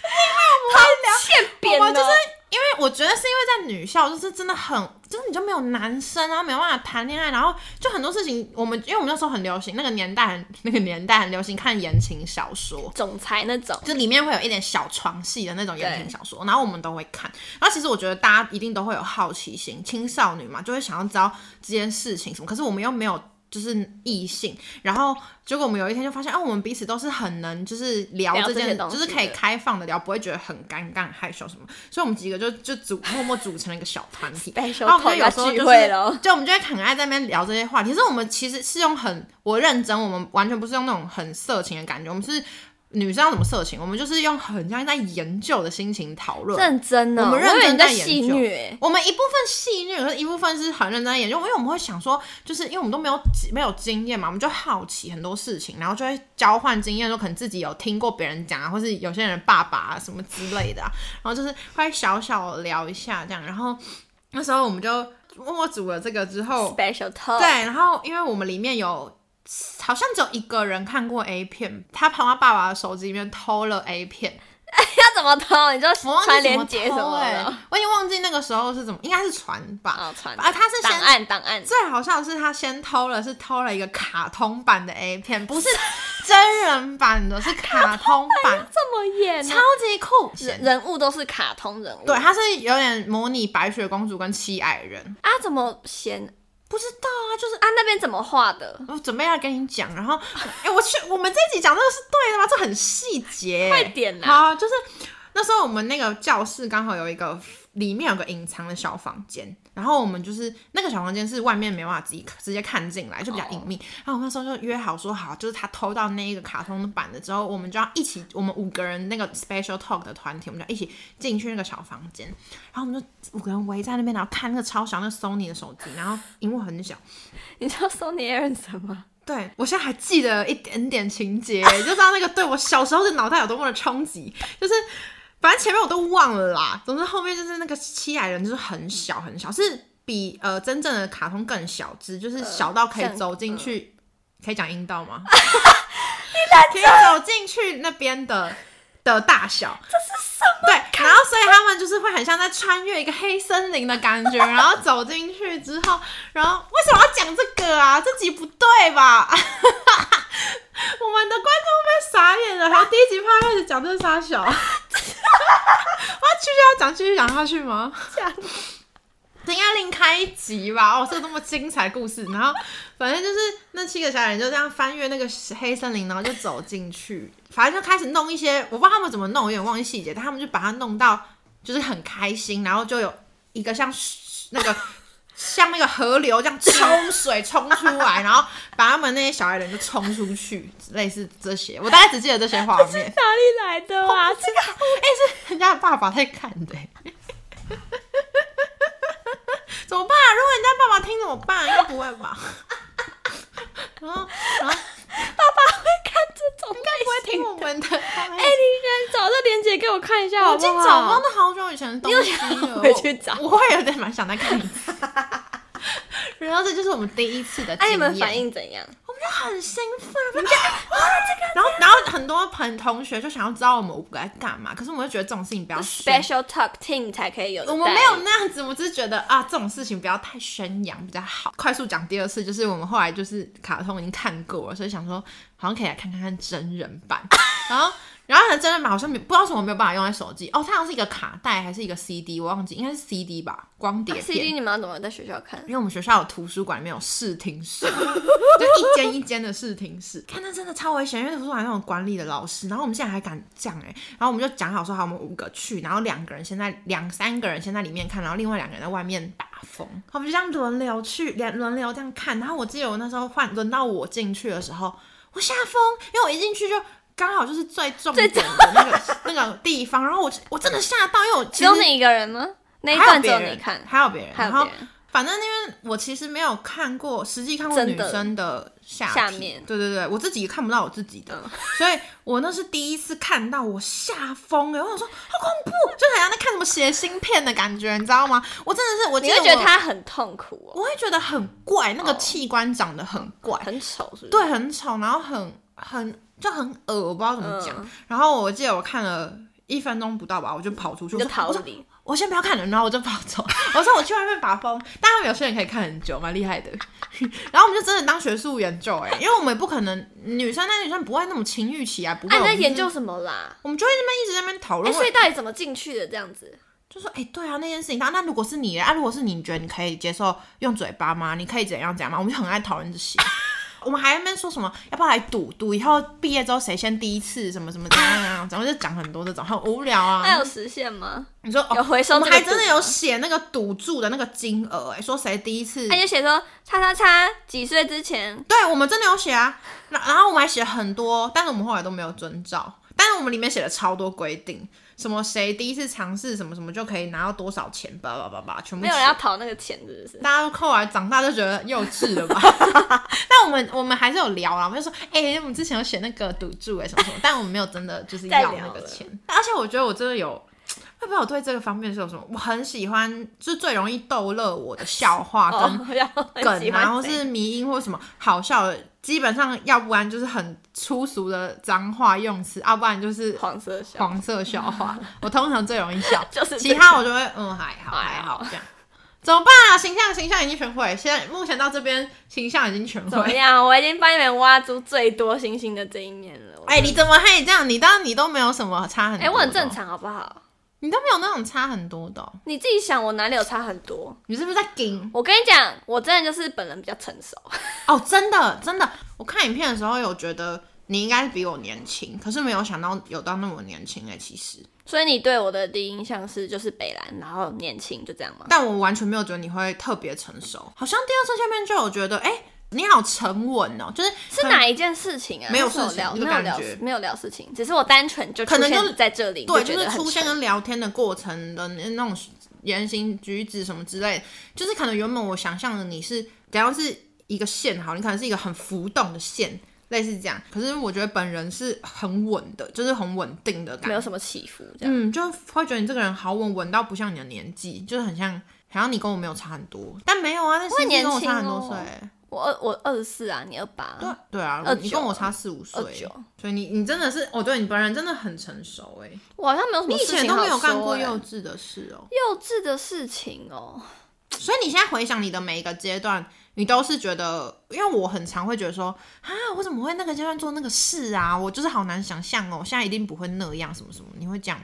[SPEAKER 1] 因為我們好欠扁了，就是因為我覺得是因為在女校就是真的很，就是你就沒有男生然、啊、後沒有辦法談戀愛，然後就很多事情，我們因為我們那時候很流行那個年代很，那個年代很流行看言情小說，總裁那種，就裡面會有一點小床戲的那種言情小說，然後我們都會看。然後其實我覺得大家一定都會有好奇心，青少女嘛，就會想要知道這件事情什麼，可是我們又沒有。就是異性，然後結果我們有一天就發現，哎、啊，我們彼此都是很能，就是聊這件，這就是可以開放的聊，不會覺得很尷尬、害羞什麼。所以，我們幾個就就組默默組成了一個小團體， 然後有就有機會就就我們就會很愛在那邊聊這些話題。其實我們其實是用很我認真，我們完全不是用那種很色情的感覺，我們是。女生要怎麼色情？我們就是用很像在研究的心情討論，認真的，我、嗯、們認真在研究。我、欸、我們一部分戲謔，和一部分是很認真研究。因為我們會想說，就是因為我們都沒有沒有經驗嘛，我們就好奇很多事情，然後就會交換經驗，說可能自己有聽過別人講，或是有些人的爸爸、啊、什麼之類的、啊，然後就是會小小聊一下這樣。然後那時候我們就握住了這個之後，對，然後因為我們裡面有。好像只有一個人看過 A 片，他跑到爸爸的手機裡面偷了 A 片。哎、要怎麼偷？你知道我忘記怎麼偷、欸、連結什麼了，我已經忘記那個時候是怎麼，應該是傳吧，啊、哦、傳，啊他是先按檔案，檔案，最好笑的是他先偷了是偷了一個卡通版的 A 片，不是真人版的，是卡通版， 通版這麼演、啊，超級酷
[SPEAKER 2] 人，人物都是卡通人物，對，他是
[SPEAKER 1] 有點模擬白雪公主跟七矮人啊，
[SPEAKER 2] 怎麼嫌？不知道啊，就是啊那邊怎麼畫的？我準備要跟你講，然後
[SPEAKER 1] 哎、 欸，我去，我們這集講這個是對的嗎？這很細節， 快點啦、啊！好，就是那時候我們那個教室剛好有一個。裡面有個隱藏的小房間，然後我們就是那個小房間是外面沒辦法直接直接看進來，就比較隱祕。Oh. 然後我們那時候就約好說好，就是他偷到那一個卡通版的板子之後，我們就要一起，我們五個人那個 special talk 的團體，我們就要一起進去那個小房間。然後我們就五個人圍在那邊，然後看那個超小那個 Sony 的手機，然後螢幕很小，你知道 Sony Ericsson 嗎？對，我現在還記得一點點情節， 就知道那個對我小時候的腦袋有多麼的衝擊，就是。反正前面我都忘了啦，總之後面就是那個七矮人就是很小很小，是比呃真正的卡通更小隻，就是小到可以走進去、呃呃，可以講陰道嗎？ 可以走進去那邊的的大小，這是什麼？對，然後所以他們就是會很像在穿越一個黑森林的感覺，然後走進去之後，然後為什麼要講這個啊？這集不對吧？ 我們的觀眾會傻眼的，還有第一集怕開始講這三小，哈，我要繼續要講繼續講下去嗎？這樣，等下另開一集吧。哦，是這個多麼精彩故事！然後反正就是那七個小矮人就這樣翻越那個黑森林，然後就走進去。反正就開始弄一些，我不知道他們怎麼弄，我有點忘記細節。但他們就把它弄到，就是很開心，然後就有一個像那個 像那個河流這樣沖水沖出來， 然後把他們那些小孩人就沖出去，類似這些。我大概只記得這些畫面，是哪裡來的啊？哦、這個哎、 欸，是人家的爸爸在看的。 怎麼辦、啊？如果人家爸爸聽怎麼辦？應該不會吧？然 後然後。然後聽我們的，哎、欸，你先找這連結給我看一下好不好？我今找，忘得好久以前東西了，回去找。我也有點蠻想再看一次。然 後 這就是我們第一次的，哎、啊，你們反應怎樣？啊、很興奮、啊啊啊，然後然後很多朋同學就想要知道我們我們在幹嘛，可是我們就覺得這種事情不要 special talk team 才可以有，我們沒有那樣子，我只是覺得啊這種事情不要太宣揚比較好。 快速講第二次就是我們後來就是卡通已經看過了，所以想說好像可以來看看看真人版， 然後。然後他真的好像沒不知道什麼沒有辦法用在手機。哦，他好像是一個卡帶，還是一個 CD，我忘記，應該是 CD 吧，光碟、啊。CD 你
[SPEAKER 2] 們要怎麼在學校
[SPEAKER 1] 看？因為我們學校有圖書館，裡面有視聽室， 就一間一間的視聽室。看他真的超危險，因為圖書館那種管理的老師，然後我們現在還敢講樣、欸、哎，然後我們就講好說好，我們五個去，然後兩個人先在兩三個人先在裡面看，然後另外兩個人在外面打風。我們就這樣輪流去，連輪流這樣看。然後我記得我那時候換輪到我進去的時候，我嚇瘋，因為我一進去就。剛好就是最重點的那個那個, 那個地方，然後我我真的嚇到，又只有哪一個人呢？那一段只有你
[SPEAKER 2] 看，還有別人，看
[SPEAKER 1] 然後反正那邊我其實沒有看過，實際看過女生的下,的下面。對對對，我自己也看不到我自己的，嗯、所以我那是第一次看到我風，我嚇瘋哎！我說好恐怖，就好像在看什麼血腥片的感覺，你知道嗎？我真的是，我我你會覺得他很痛苦、啊，我會覺得很怪，那個器官長得很怪，很醜是不是？對，很醜，然後很很。就很惡，我不知道怎麼講、嗯。然後我記得我看了一分鐘不到吧，我就跑出去，就逃我說：“我我先不要看了。”然後我就跑走， 我說：“我去外面把風。”但有些人可以看很久，蠻厲害的。 然後我們就真的當學術研究哎、欸，因為我們也不可能女生，那女生不會那麼情欲起來，不會。你、啊、在、就是、研究
[SPEAKER 2] 什麼啦？
[SPEAKER 1] 我們就會那邊一直在那邊討論。哎、欸，所以到底怎麼進去的？這樣子就說哎、欸，對啊，那件事情，那如果是你啊，如果是你，你覺得你可以接受用嘴巴嗎？你可以怎樣講嗎？我們就很愛討論這些。 我們還那邊說什麼？要不要來賭賭？賭以後畢業之後誰先第一次什麼什麼怎樣怎樣，怎樣，怎樣？然就講很多這種，很無聊啊。那有
[SPEAKER 2] 實現嗎？你
[SPEAKER 1] 說有哦，回收嗎？我們還真的有寫那個賭注的那個金額，哎，說誰第一次。他、啊、就寫說，叉叉叉，幾歲之前。對，我們真的有寫啊。然然後我們還寫很多，但是我們後來都沒有遵照。但是我們裡面寫了超多規定。什麼誰第一次嘗試什麼什麼就可以拿到多少錢吧，全部沒有人要討那個錢，真的是。大家後來長大就覺得幼稚了吧？ 但我們我們還是有聊啦，我們就說，哎、欸，我們之前有選那個賭注、欸，哎，什麼什麼，但我們沒有真的就是要那個錢。而且我覺得我真的有，會不會我對這個方面是有什麼？我很喜歡，就是最容易逗樂我的笑話跟梗、啊，然、哦、後是迷因或什麼好笑的。基本上，要不然就是很粗俗的髒話用詞，要、啊、不然就是黃色小黃色笑話。 我通常最容易笑，就是其他我就會嗯還好還好，好，好，好，好這樣。怎麼辦啊？形象形象已經全毀。現在目前到這邊形象已經全毀。怎
[SPEAKER 2] 麼樣？我已經幫你們挖出最
[SPEAKER 1] 多星星的這一面了。哎、欸，你怎麼可以這樣？你當然你都沒有什麼差很多。哎、欸，我很正常好不好？你都沒有那種差很多的、哦，你自己想，我哪裡有差很多？你是不是在頂？我跟
[SPEAKER 2] 你講，我真的就是本人比較成熟。
[SPEAKER 1] 哦，真的真的，我看影片的時候有覺得你應該比我年輕，可是沒有想到有到那麼年輕哎、欸，其實。
[SPEAKER 2] 所以你對我的第一印象是就是北蘭，然後年輕就這樣嗎？
[SPEAKER 1] 但我完全沒有覺得你會特別成熟，好像第二次見面就有覺得哎。欸你好沉穩哦，就是是哪一件事情
[SPEAKER 2] 啊？沒有事情感覺，沒有聊，沒有聊事情，只是我單純就出現可能就在這裡，對就，就是出現
[SPEAKER 1] 跟聊天的過程的那種言行舉止什麼之類的，就是可能原本我想象的你是，假如是一個線好，你可能是一個很浮動的線，類似這樣。可是我覺得本人是很穩的，就是很穩定的感覺，沒有什麼起伏這樣，嗯，就會覺得你這個人好穩穩，穩到不像你的年紀，就是很像，好像你跟我沒有差很多，
[SPEAKER 2] 但沒有啊，但是你跟我差很多歲。我我二十四啊，你二八，對
[SPEAKER 1] 對啊，你跟我差四五歲，所以你你真的是哦，對你本人真的很成熟哎，
[SPEAKER 2] 我好像沒有什麼，什麼事情以前都沒有幹過幼
[SPEAKER 1] 稚的事哦，
[SPEAKER 2] 幼稚的事情哦，
[SPEAKER 1] 所以你現在回想你的每一個階段，你都是覺得，因為我很常會覺得說，啊，我怎麼會那個階段做那個事啊，我就是好難想象哦，我現在一定不會那樣什麼什麼，你會這樣嗎？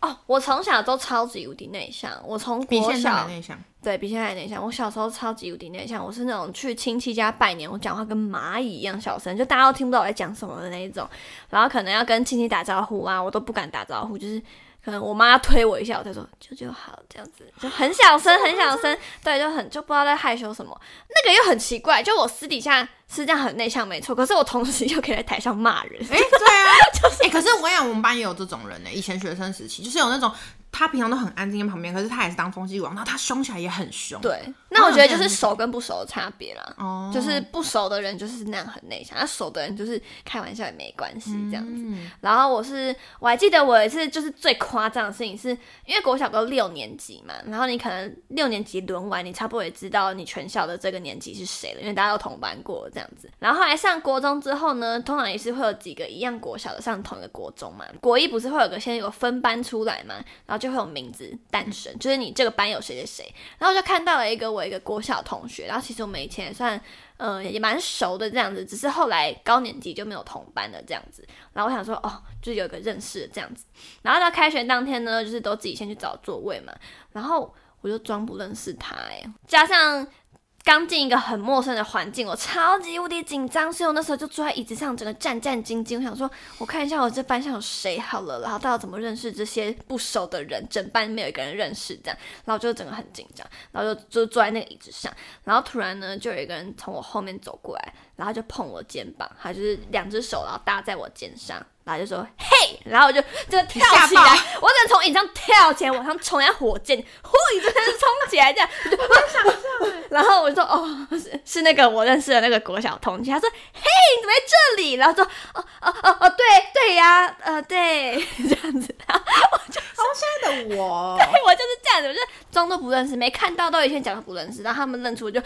[SPEAKER 1] 哦，
[SPEAKER 2] 我從小都超級無敵內向。我從國小，比現在還內向。對，比現在還內向。我小時候超級無敵內向，我是那種去親戚家拜年，我講話跟螞蟻一樣小聲，就大家都聽不到我在講什麼的那一種。然後可能要跟親戚打招呼啊，我都不敢打招呼，就是。可能我媽推我一下，我再說就就好，這樣子就很小聲，很小聲， 對，就很就不知道在害羞什麼，那個又很奇怪，就我私底下是這樣很內向，沒錯，可是我同時又可以在
[SPEAKER 1] 台上罵人，哎、欸，對啊， 就是、欸，哎，可是我跟你講我們班也有這種人呢、欸，以前學生時期就是有那種。他平常都很安靜在旁邊，可是他也是當風紀王，那他凶起來也很凶。對，那我覺得就是
[SPEAKER 2] 熟跟不熟的差別啦。哦、啊，就是不熟的人就是那樣很內向，那、哦、熟的人就是開玩笑也沒關係這樣子。嗯，然後我是我還記得我一次就是最誇張的事情是，是因為國小哥六年級嘛，然後你可能六年級輪完，你差不多也知道你全校的這個年級是誰了，因為大家都同班過這樣子。然後，後來上國中之後呢，通常也是會有幾個一樣國小的上同一個國中嘛。國一不是會有個先有分班出來嘛，然後。就會有名字誕生，就是你這個班有誰誰誰，然後我就看到了一個我一個國小同學，然後其實我們以前也算，嗯、呃、也蠻熟的這樣子，只是後來高年級就沒有同班的這樣子，然後我想說，哦，就是有個認識的這樣子，然後到開學當天呢，就是都自己先去找座位嘛，然後我就裝不認識他欸，加上。剛進一個很陌生的環境，我超級無敵緊張，所以我那時候就坐在椅子上，整個戰戰兢兢。我想說，我看一下我這班上有誰好了，然後到底怎麼認識這些不熟的人，整班沒有一個人認識這樣，然後就整個很緊張，然後就就坐在那個椅子上，然後突然呢，就有一個人從我後面走過來，然後就碰我肩膀，還就是兩隻手，然後搭在我肩上。他就說：“嘿！”然後我就就跳，跳起來，我只能從椅子上跳起來，往上衝然後火箭，呼！你真的是衝起來這樣，我就想象 然後我就說：“哦，是是那個我認識的那個國小同學。”他說：“嘿，你怎麼在這裡？”然後說：“哦哦哦哦，對對呀、啊，呃，對， 這樣子。”然後我就好帥的我，對我就是這樣子，我就裝都不認識，沒看到，都以前講不認識，然後他們認出我就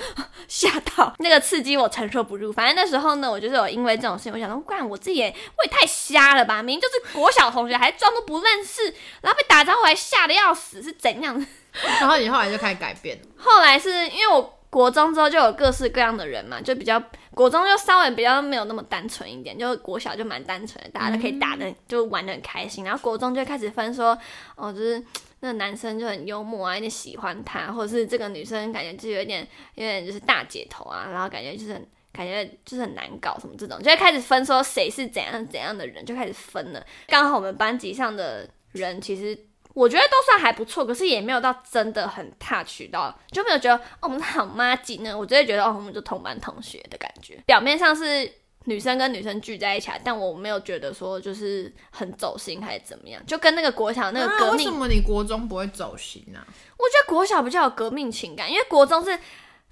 [SPEAKER 2] 嚇到，那個刺激我承受不住。反正那時候呢，我就是有因為這種事情，我想說，怪我自己，我也太瞎。明，明，明就是國小同學，還裝都不認識， 然後被打招呼還嚇得要死，是怎樣？ 然後你後來就開始改變。後來是因為我國中之後就有各式各樣的人嘛，就比較國中就稍微比較沒有那麼單純一點，就國小就蠻單純的，大家都可以打的，嗯、就玩的很開心。然後國中就開始分說，哦，就是那個男生就很幽默啊，有點喜歡他，或者是這個女生感覺就有點有點就是大姐頭啊，然後感覺就是很。感覺就是很難搞，什麼這種，就會開始分說誰是怎樣怎樣的人，就開始分了。剛好我們班級上的人，其實我覺得都算還不錯，可是也沒有到真的很 touch 到，就沒有覺得哦，我們是好麻吉呢。我就會覺得哦，我們就同班同學的感覺。表面上是女生跟女生聚在一起，但我沒有覺得說就是很走心還是怎麼樣。就跟
[SPEAKER 1] 那個國小那個革命、啊，為什麼你國中不會走心呢、啊？
[SPEAKER 2] 我覺得國小比較有革命情感，因為國中是。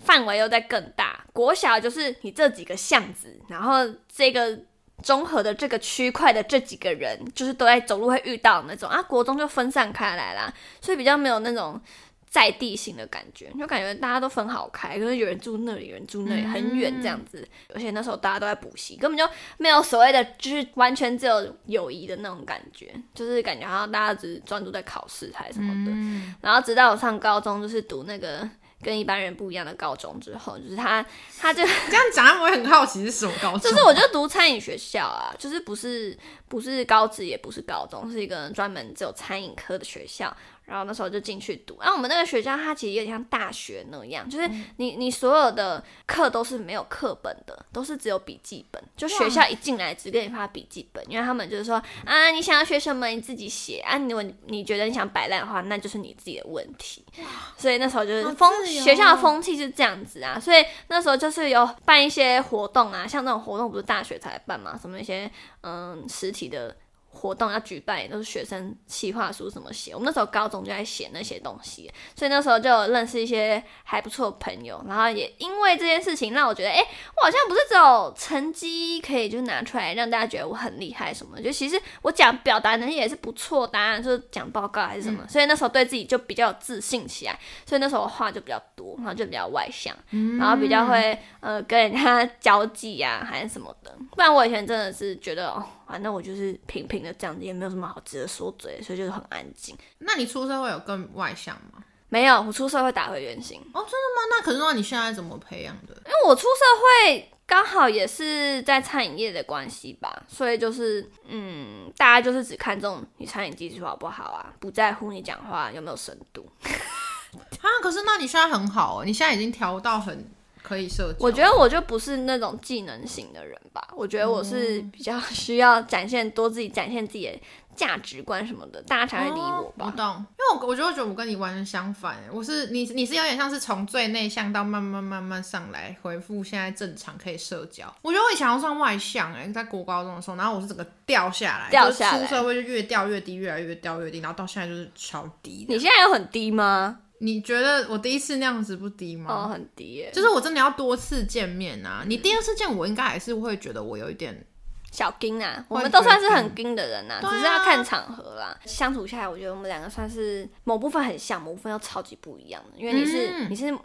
[SPEAKER 2] 範圍又在更大，國小就是你這幾個巷子，然後這個綜合的這個區塊的這幾個人，就是都在走路會遇到那種啊。國中就分散開來啦，所以比較沒有那種在地性的感覺，就感覺大家都分好開，可是有人住那裡，有人住那裡很遠這樣子。而、嗯、且那時候大家都在補習，根本就沒有所謂的就是完全只有友誼的那種感覺，就是感覺好像大家只專注在考試還是什
[SPEAKER 1] 麼的、嗯。
[SPEAKER 2] 然後直到我上高中，就是讀那個。跟一般人不一樣的高中之後，就是他，他就這
[SPEAKER 1] 樣講，我也很好奇是什麼高
[SPEAKER 2] 中啊。 就是我就讀餐飲學校啊，就是不是不是高職，也不是高中，是一個專門只有餐飲科的學校。然後那時候就進去讀，然後、啊、我們那個學校它其實有點像大學那樣，就是你你所有的課都是沒有課本的，都是只有筆記本。就學校一進來只給你發筆記本，因為他們就是說啊，你想要學什麼你自己寫啊，你你你覺得你想擺爛的話，那就是你自己的問題。哇所以那時候就是風、哦、學校的風氣就是這樣子啊，所以那時候就是有辦一些活動啊，像那種活動不是大學才辦嘛，什麼一些嗯實體的。活動要舉辦，也都是學生企劃書什麼寫。我們那時候高中就在寫那些東西，所以那時候就認識一些還不錯的朋友。然後也因為這件事情，讓我覺得，哎、欸，我好像不是只有成績可以就拿出來讓大家覺得我很厲害什麼的。就其實我講表達能力也是不錯，當然就是講報告還是什麼。所以那時候對自己就比較有自信起來，所以那時候話就比較多，然後就比較外向，然後比較會呃跟人家交際呀、啊、還是什麼的。不然我以前真的是覺得哦。反正我就是平平的這樣子，也沒有什麼好值得說嘴，所以就是很安靜。
[SPEAKER 1] 那你出社會有更外向嗎？沒
[SPEAKER 2] 有，我出社會打回原形。
[SPEAKER 1] 哦，真的嗎？那可是那你現在怎麼培養的？
[SPEAKER 2] 因為我出社會剛好也是在餐飲業的關係吧，所以就是嗯，大家就是只看重你餐飲技術好不好啊，不在乎你講話有沒有深度。
[SPEAKER 1] 啊，可是那你現在很好哦，你現在已經調到很。可以社交。我覺得我就不是那種技能型的人吧，嗯、我覺得我是比
[SPEAKER 2] 較需要展現多自己展現自己的價值觀什麼的，大家才會理我吧。不
[SPEAKER 1] 懂，因為我我覺得我覺得我跟你完全相反，我是你你是有點像是從最內向到慢慢慢慢上來回復現在正常可以社交。我覺得我以前要算外向哎，在國高中的時候，然後我是整個掉下來掉下來，就是、出社會就越掉越低，越來越掉越低，然後到現在就是超低。你現在有很低嗎？你覺得我第一次那樣子不低嗎？哦，很低、欸，就是我真的要多次見面啊。嗯、你第二次見我，應該也是會覺得我有一點小 Ging 啊。我們都算是很 Ging
[SPEAKER 2] 的人吶、啊啊，只是要看場合啦。相處下來，我覺得我們兩個算是某部分很像，某部分又超級不一樣的。因為你是、嗯、你是。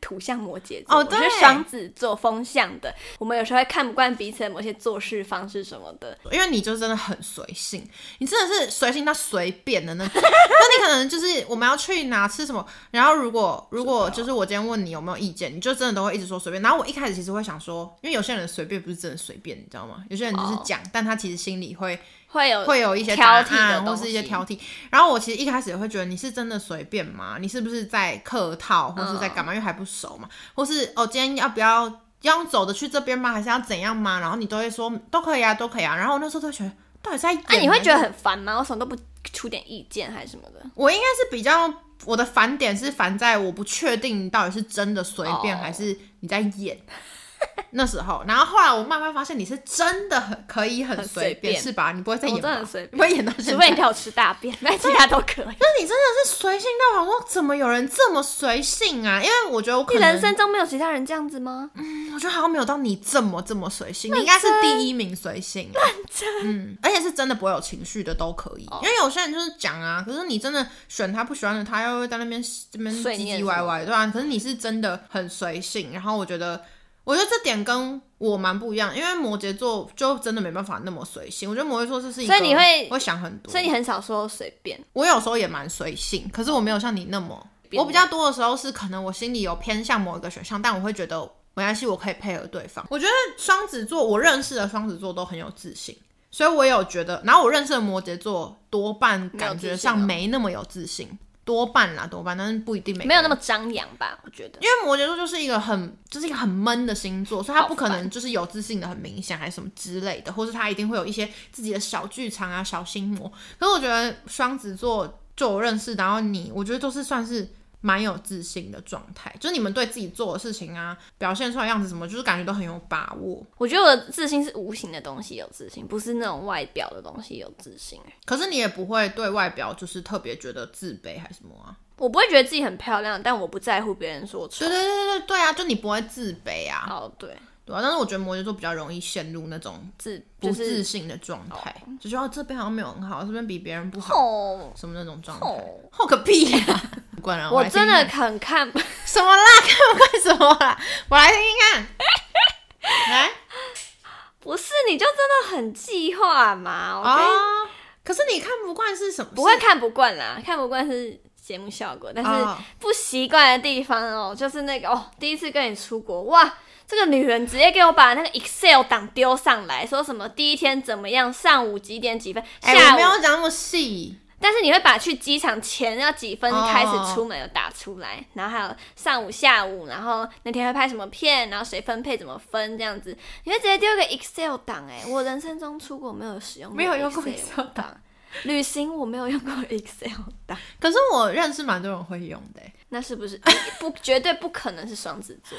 [SPEAKER 2] 土象摩
[SPEAKER 1] 羯座，我是雙子
[SPEAKER 2] 座風向的，我們有時候會看不慣彼此的某些做事方式什麼的。
[SPEAKER 1] 因為你就真的很隨性，你真的是隨性到隨便的那種、個。 那你可能就是我們要去哪吃什麼，然後如果如果就是我今天問你有沒有意見，你就真的都會一直說隨便。然後我一開始其實會想說，因為有些人隨便不是真的隨便，你知道嗎？有些人就是講、哦，但他其實心裡會。
[SPEAKER 2] 會有會有一些挑剔，都是一些挑剔。
[SPEAKER 1] 然後我其實一開始也會覺得你是真的隨便嗎？你是不是在客套，或是在幹嘛、嗯？因為還不熟嘛，或是哦，今天要不要要走的去這邊嗎？還是要怎樣嗎？然後你都會說都可以啊，都可以啊。然後我那時候都會覺得到底在演。哎、啊，你會覺得很煩
[SPEAKER 2] 嗎？我什麼都不出點意見還是什麼
[SPEAKER 1] 的？我應該是比較我的煩點是煩在我不確定你到底是真的隨便、哦、還是你在演。 那時候，然後後來我慢慢發現你是真的很可以很隨便,便，是吧？你不會再演，我真的很隨，不會演到只會跳
[SPEAKER 2] 吃大便， 但其他都
[SPEAKER 1] 可以。那你真的是隨性到我，我說怎麼有人這麼隨性啊？因為我覺得我可能你人生中沒有其他人這樣子嗎？嗯，我覺得好像沒有到你這麼這麼隨性，你應該是第一名隨性、啊。亂真，嗯，而且是真的不會有情緒的都可以、哦，因為有些人就是講啊，可是你真的選他不喜歡的他，他又會在那邊這邊唧唧歪歪，對吧？可是你是真的很隨性、嗯，然後我覺得。我覺得這點跟我蠻不一樣，因為摩羯座就真的沒辦法那麼隨性。我覺得摩羯座是是一個很，所以你會會想很多，所以你很少說隨便。我有時候也蠻隨性，可是我沒有像你那麼。嗯，我比較多的時候是，可能我心裡有偏向某一個選項，但我會覺得沒關係，我可以配合對方。我覺得雙子座，我認識的雙子座都很有自信，所以我也有覺得。然後我認識的摩羯座多半感覺像沒那麼有自信。多半啦、啊，多半，但是不一定沒有
[SPEAKER 2] 那麼張揚吧，我覺得，
[SPEAKER 1] 因為摩羯座就是一個很，就是一個很悶的星座，所以他不可能就是有自信的很明顯，還是什麼之類的，或是他一定會有一些自己的小劇場啊、小心魔。可是我覺得雙子座，就我認識，然後你，我覺得都是算是。蠻有自信的狀態，就是你們對自己做的事情啊，表現出來的樣子什麼，就是感覺都很有把握。我覺得我的自信是無形的東西，有自信，不
[SPEAKER 2] 是那種外表的東西有自信。
[SPEAKER 1] 可是你也不會對外表就是特別覺得自卑還是什麼啊？
[SPEAKER 2] 我不會覺得自己很漂亮，但我不在乎別人說我醜。對對對對對
[SPEAKER 1] 啊！就你不會自卑啊？好、oh,，對對啊。但是我覺得摩羯座比較容易陷入那種自不自信的狀態，就覺、是、得這邊好像沒有很好，這邊比別人不好，oh, 什麼那種狀態。好個屁呀！ 我，聽聽我真的
[SPEAKER 2] 很看 什麼啦，看不慣什麼啦，我來聽一聽看。 來，不是你就真的很計劃嘛、oh, 我可？可是你看不慣是什麼？不會看不慣啦，看不慣是節目效果，但是不習慣的地方哦、喔，oh. 就是那個哦、喔，第一次跟你出國，哇，這個女人直接給我把那個 Excel 檔丟上來說什麼第一天怎麼樣，上午幾點幾分，下午不要講那麼細。但是你會把去機場前要幾分開始出門，有打出來，oh. 然後還有上午、下午，然後那天會拍什麼片，然後誰分配怎麼分這樣子，你會直接丟個 Excel 檔哎、欸，我人生中出國沒有使用過沒有用過 Excel
[SPEAKER 1] 檔，旅行我沒有用過 Excel 檔，可是我認識蠻多人會用的、
[SPEAKER 2] 欸，那是不是 不絕對不可能是雙子座？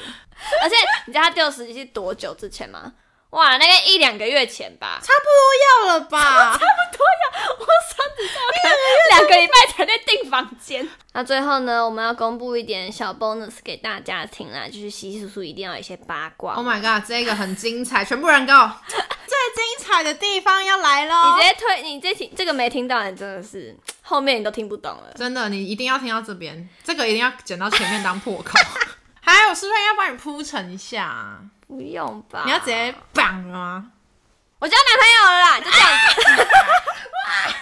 [SPEAKER 2] 而且你知道他丟手機是多久之前嗎？哇，那個一兩個月前吧，
[SPEAKER 1] 差不多要了吧， 差不多要，我上次大兩個禮拜才在
[SPEAKER 2] 訂房間。 那最後呢，我們要公布一點小 bonus 給大家聽啦、啊，就是窸窸窣窣一定要有一些八卦。Oh my
[SPEAKER 1] god，這個很精彩， 全部人給我 最精彩
[SPEAKER 2] 的地方要來咯。你直接推，你這聽這個沒聽到，你真的是後面你都聽不
[SPEAKER 1] 懂了。真的，你一定要聽到這邊，這個一定要剪到前面當破口。還有，是不是應該要幫你鋪陳一下、啊？不
[SPEAKER 2] 用吧？你要直
[SPEAKER 1] 接綁啊！我交男朋友了啦，就這樣子。啊、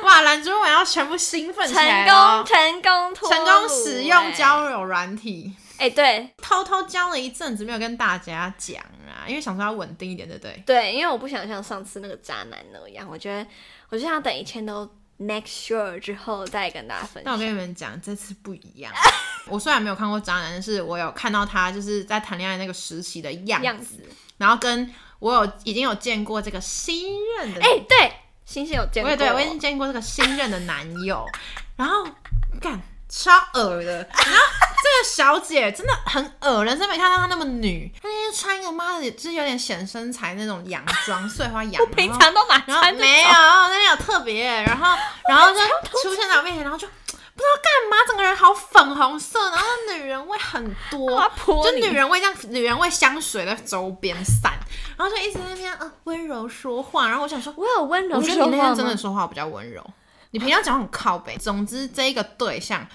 [SPEAKER 1] 哇！男主管要全部興奮起來成功成功，欸、成功使用交友軟體。哎、欸，對，偷偷交了一陣子，沒有跟大家講啊，因為想說要穩定一點，對不對？
[SPEAKER 2] 對，因為我不想像上次那個渣男那樣，我覺得我就想要等一切都。make sure 之後再跟大家分享。但我跟你
[SPEAKER 1] 們講，這次不一樣。 我雖然沒有看過渣男，但是我有看到他就是在談戀愛那個時期的樣子。樣子然後跟我有已經有見過這個新任的，哎、欸，對，星星有見過。我也對，我已經見過這個新任的男友。 然後，幹，超噁的。然後 這個小姐真的很噁，人生沒看到她那麼女。那天穿一個媽的，就是有點顯身材那種洋裝碎 花洋裝。我平常都哪穿然後？沒有那天有特別，然後然後就出現在我面前，然後就不知道幹嘛，整個人好粉紅色，然後女人味很多，就女人味像女人味香水的周邊散。然後就一直在那邊啊溫柔說話，然後我想說，我有溫柔說話。我覺得你那天真的說話比較溫柔，你平常講話很靠北。總之，這一個對象。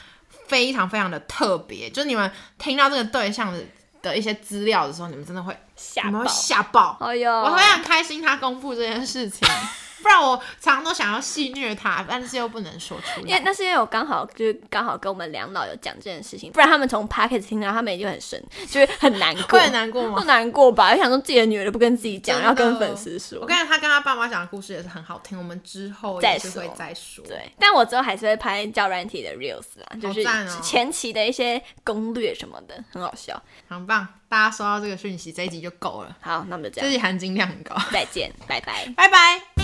[SPEAKER 1] 非常非常的特別，就是你們聽到這個對象的的一些資料的時候，你們真的會嚇，你們會嚇爆！哎、哦、呦，我很開心他公布這件事情。 不然我常常都想要戲虐他，但是又不能說出來。因為那
[SPEAKER 2] 是因為我剛好就是剛好跟我們兩老有講這件事情，不然他們從 podcast 聽到，他們也就很深，就是很難過。 會難過嗎？不難過吧，就想說自己的女兒不跟自己講，要跟粉絲說。我
[SPEAKER 1] 感覺他跟他爸媽講的故事也是很好聽。我們之後就再說，再說。對，
[SPEAKER 2] 但我之後還是會拍交友軟體的 reels 就是前期的一些攻略什麼的，好哦、很好笑。
[SPEAKER 1] 很棒，大家收到這個訊息，這一集就夠了。好，那我們就這樣。這集含金量很高。再見，拜拜， 拜拜。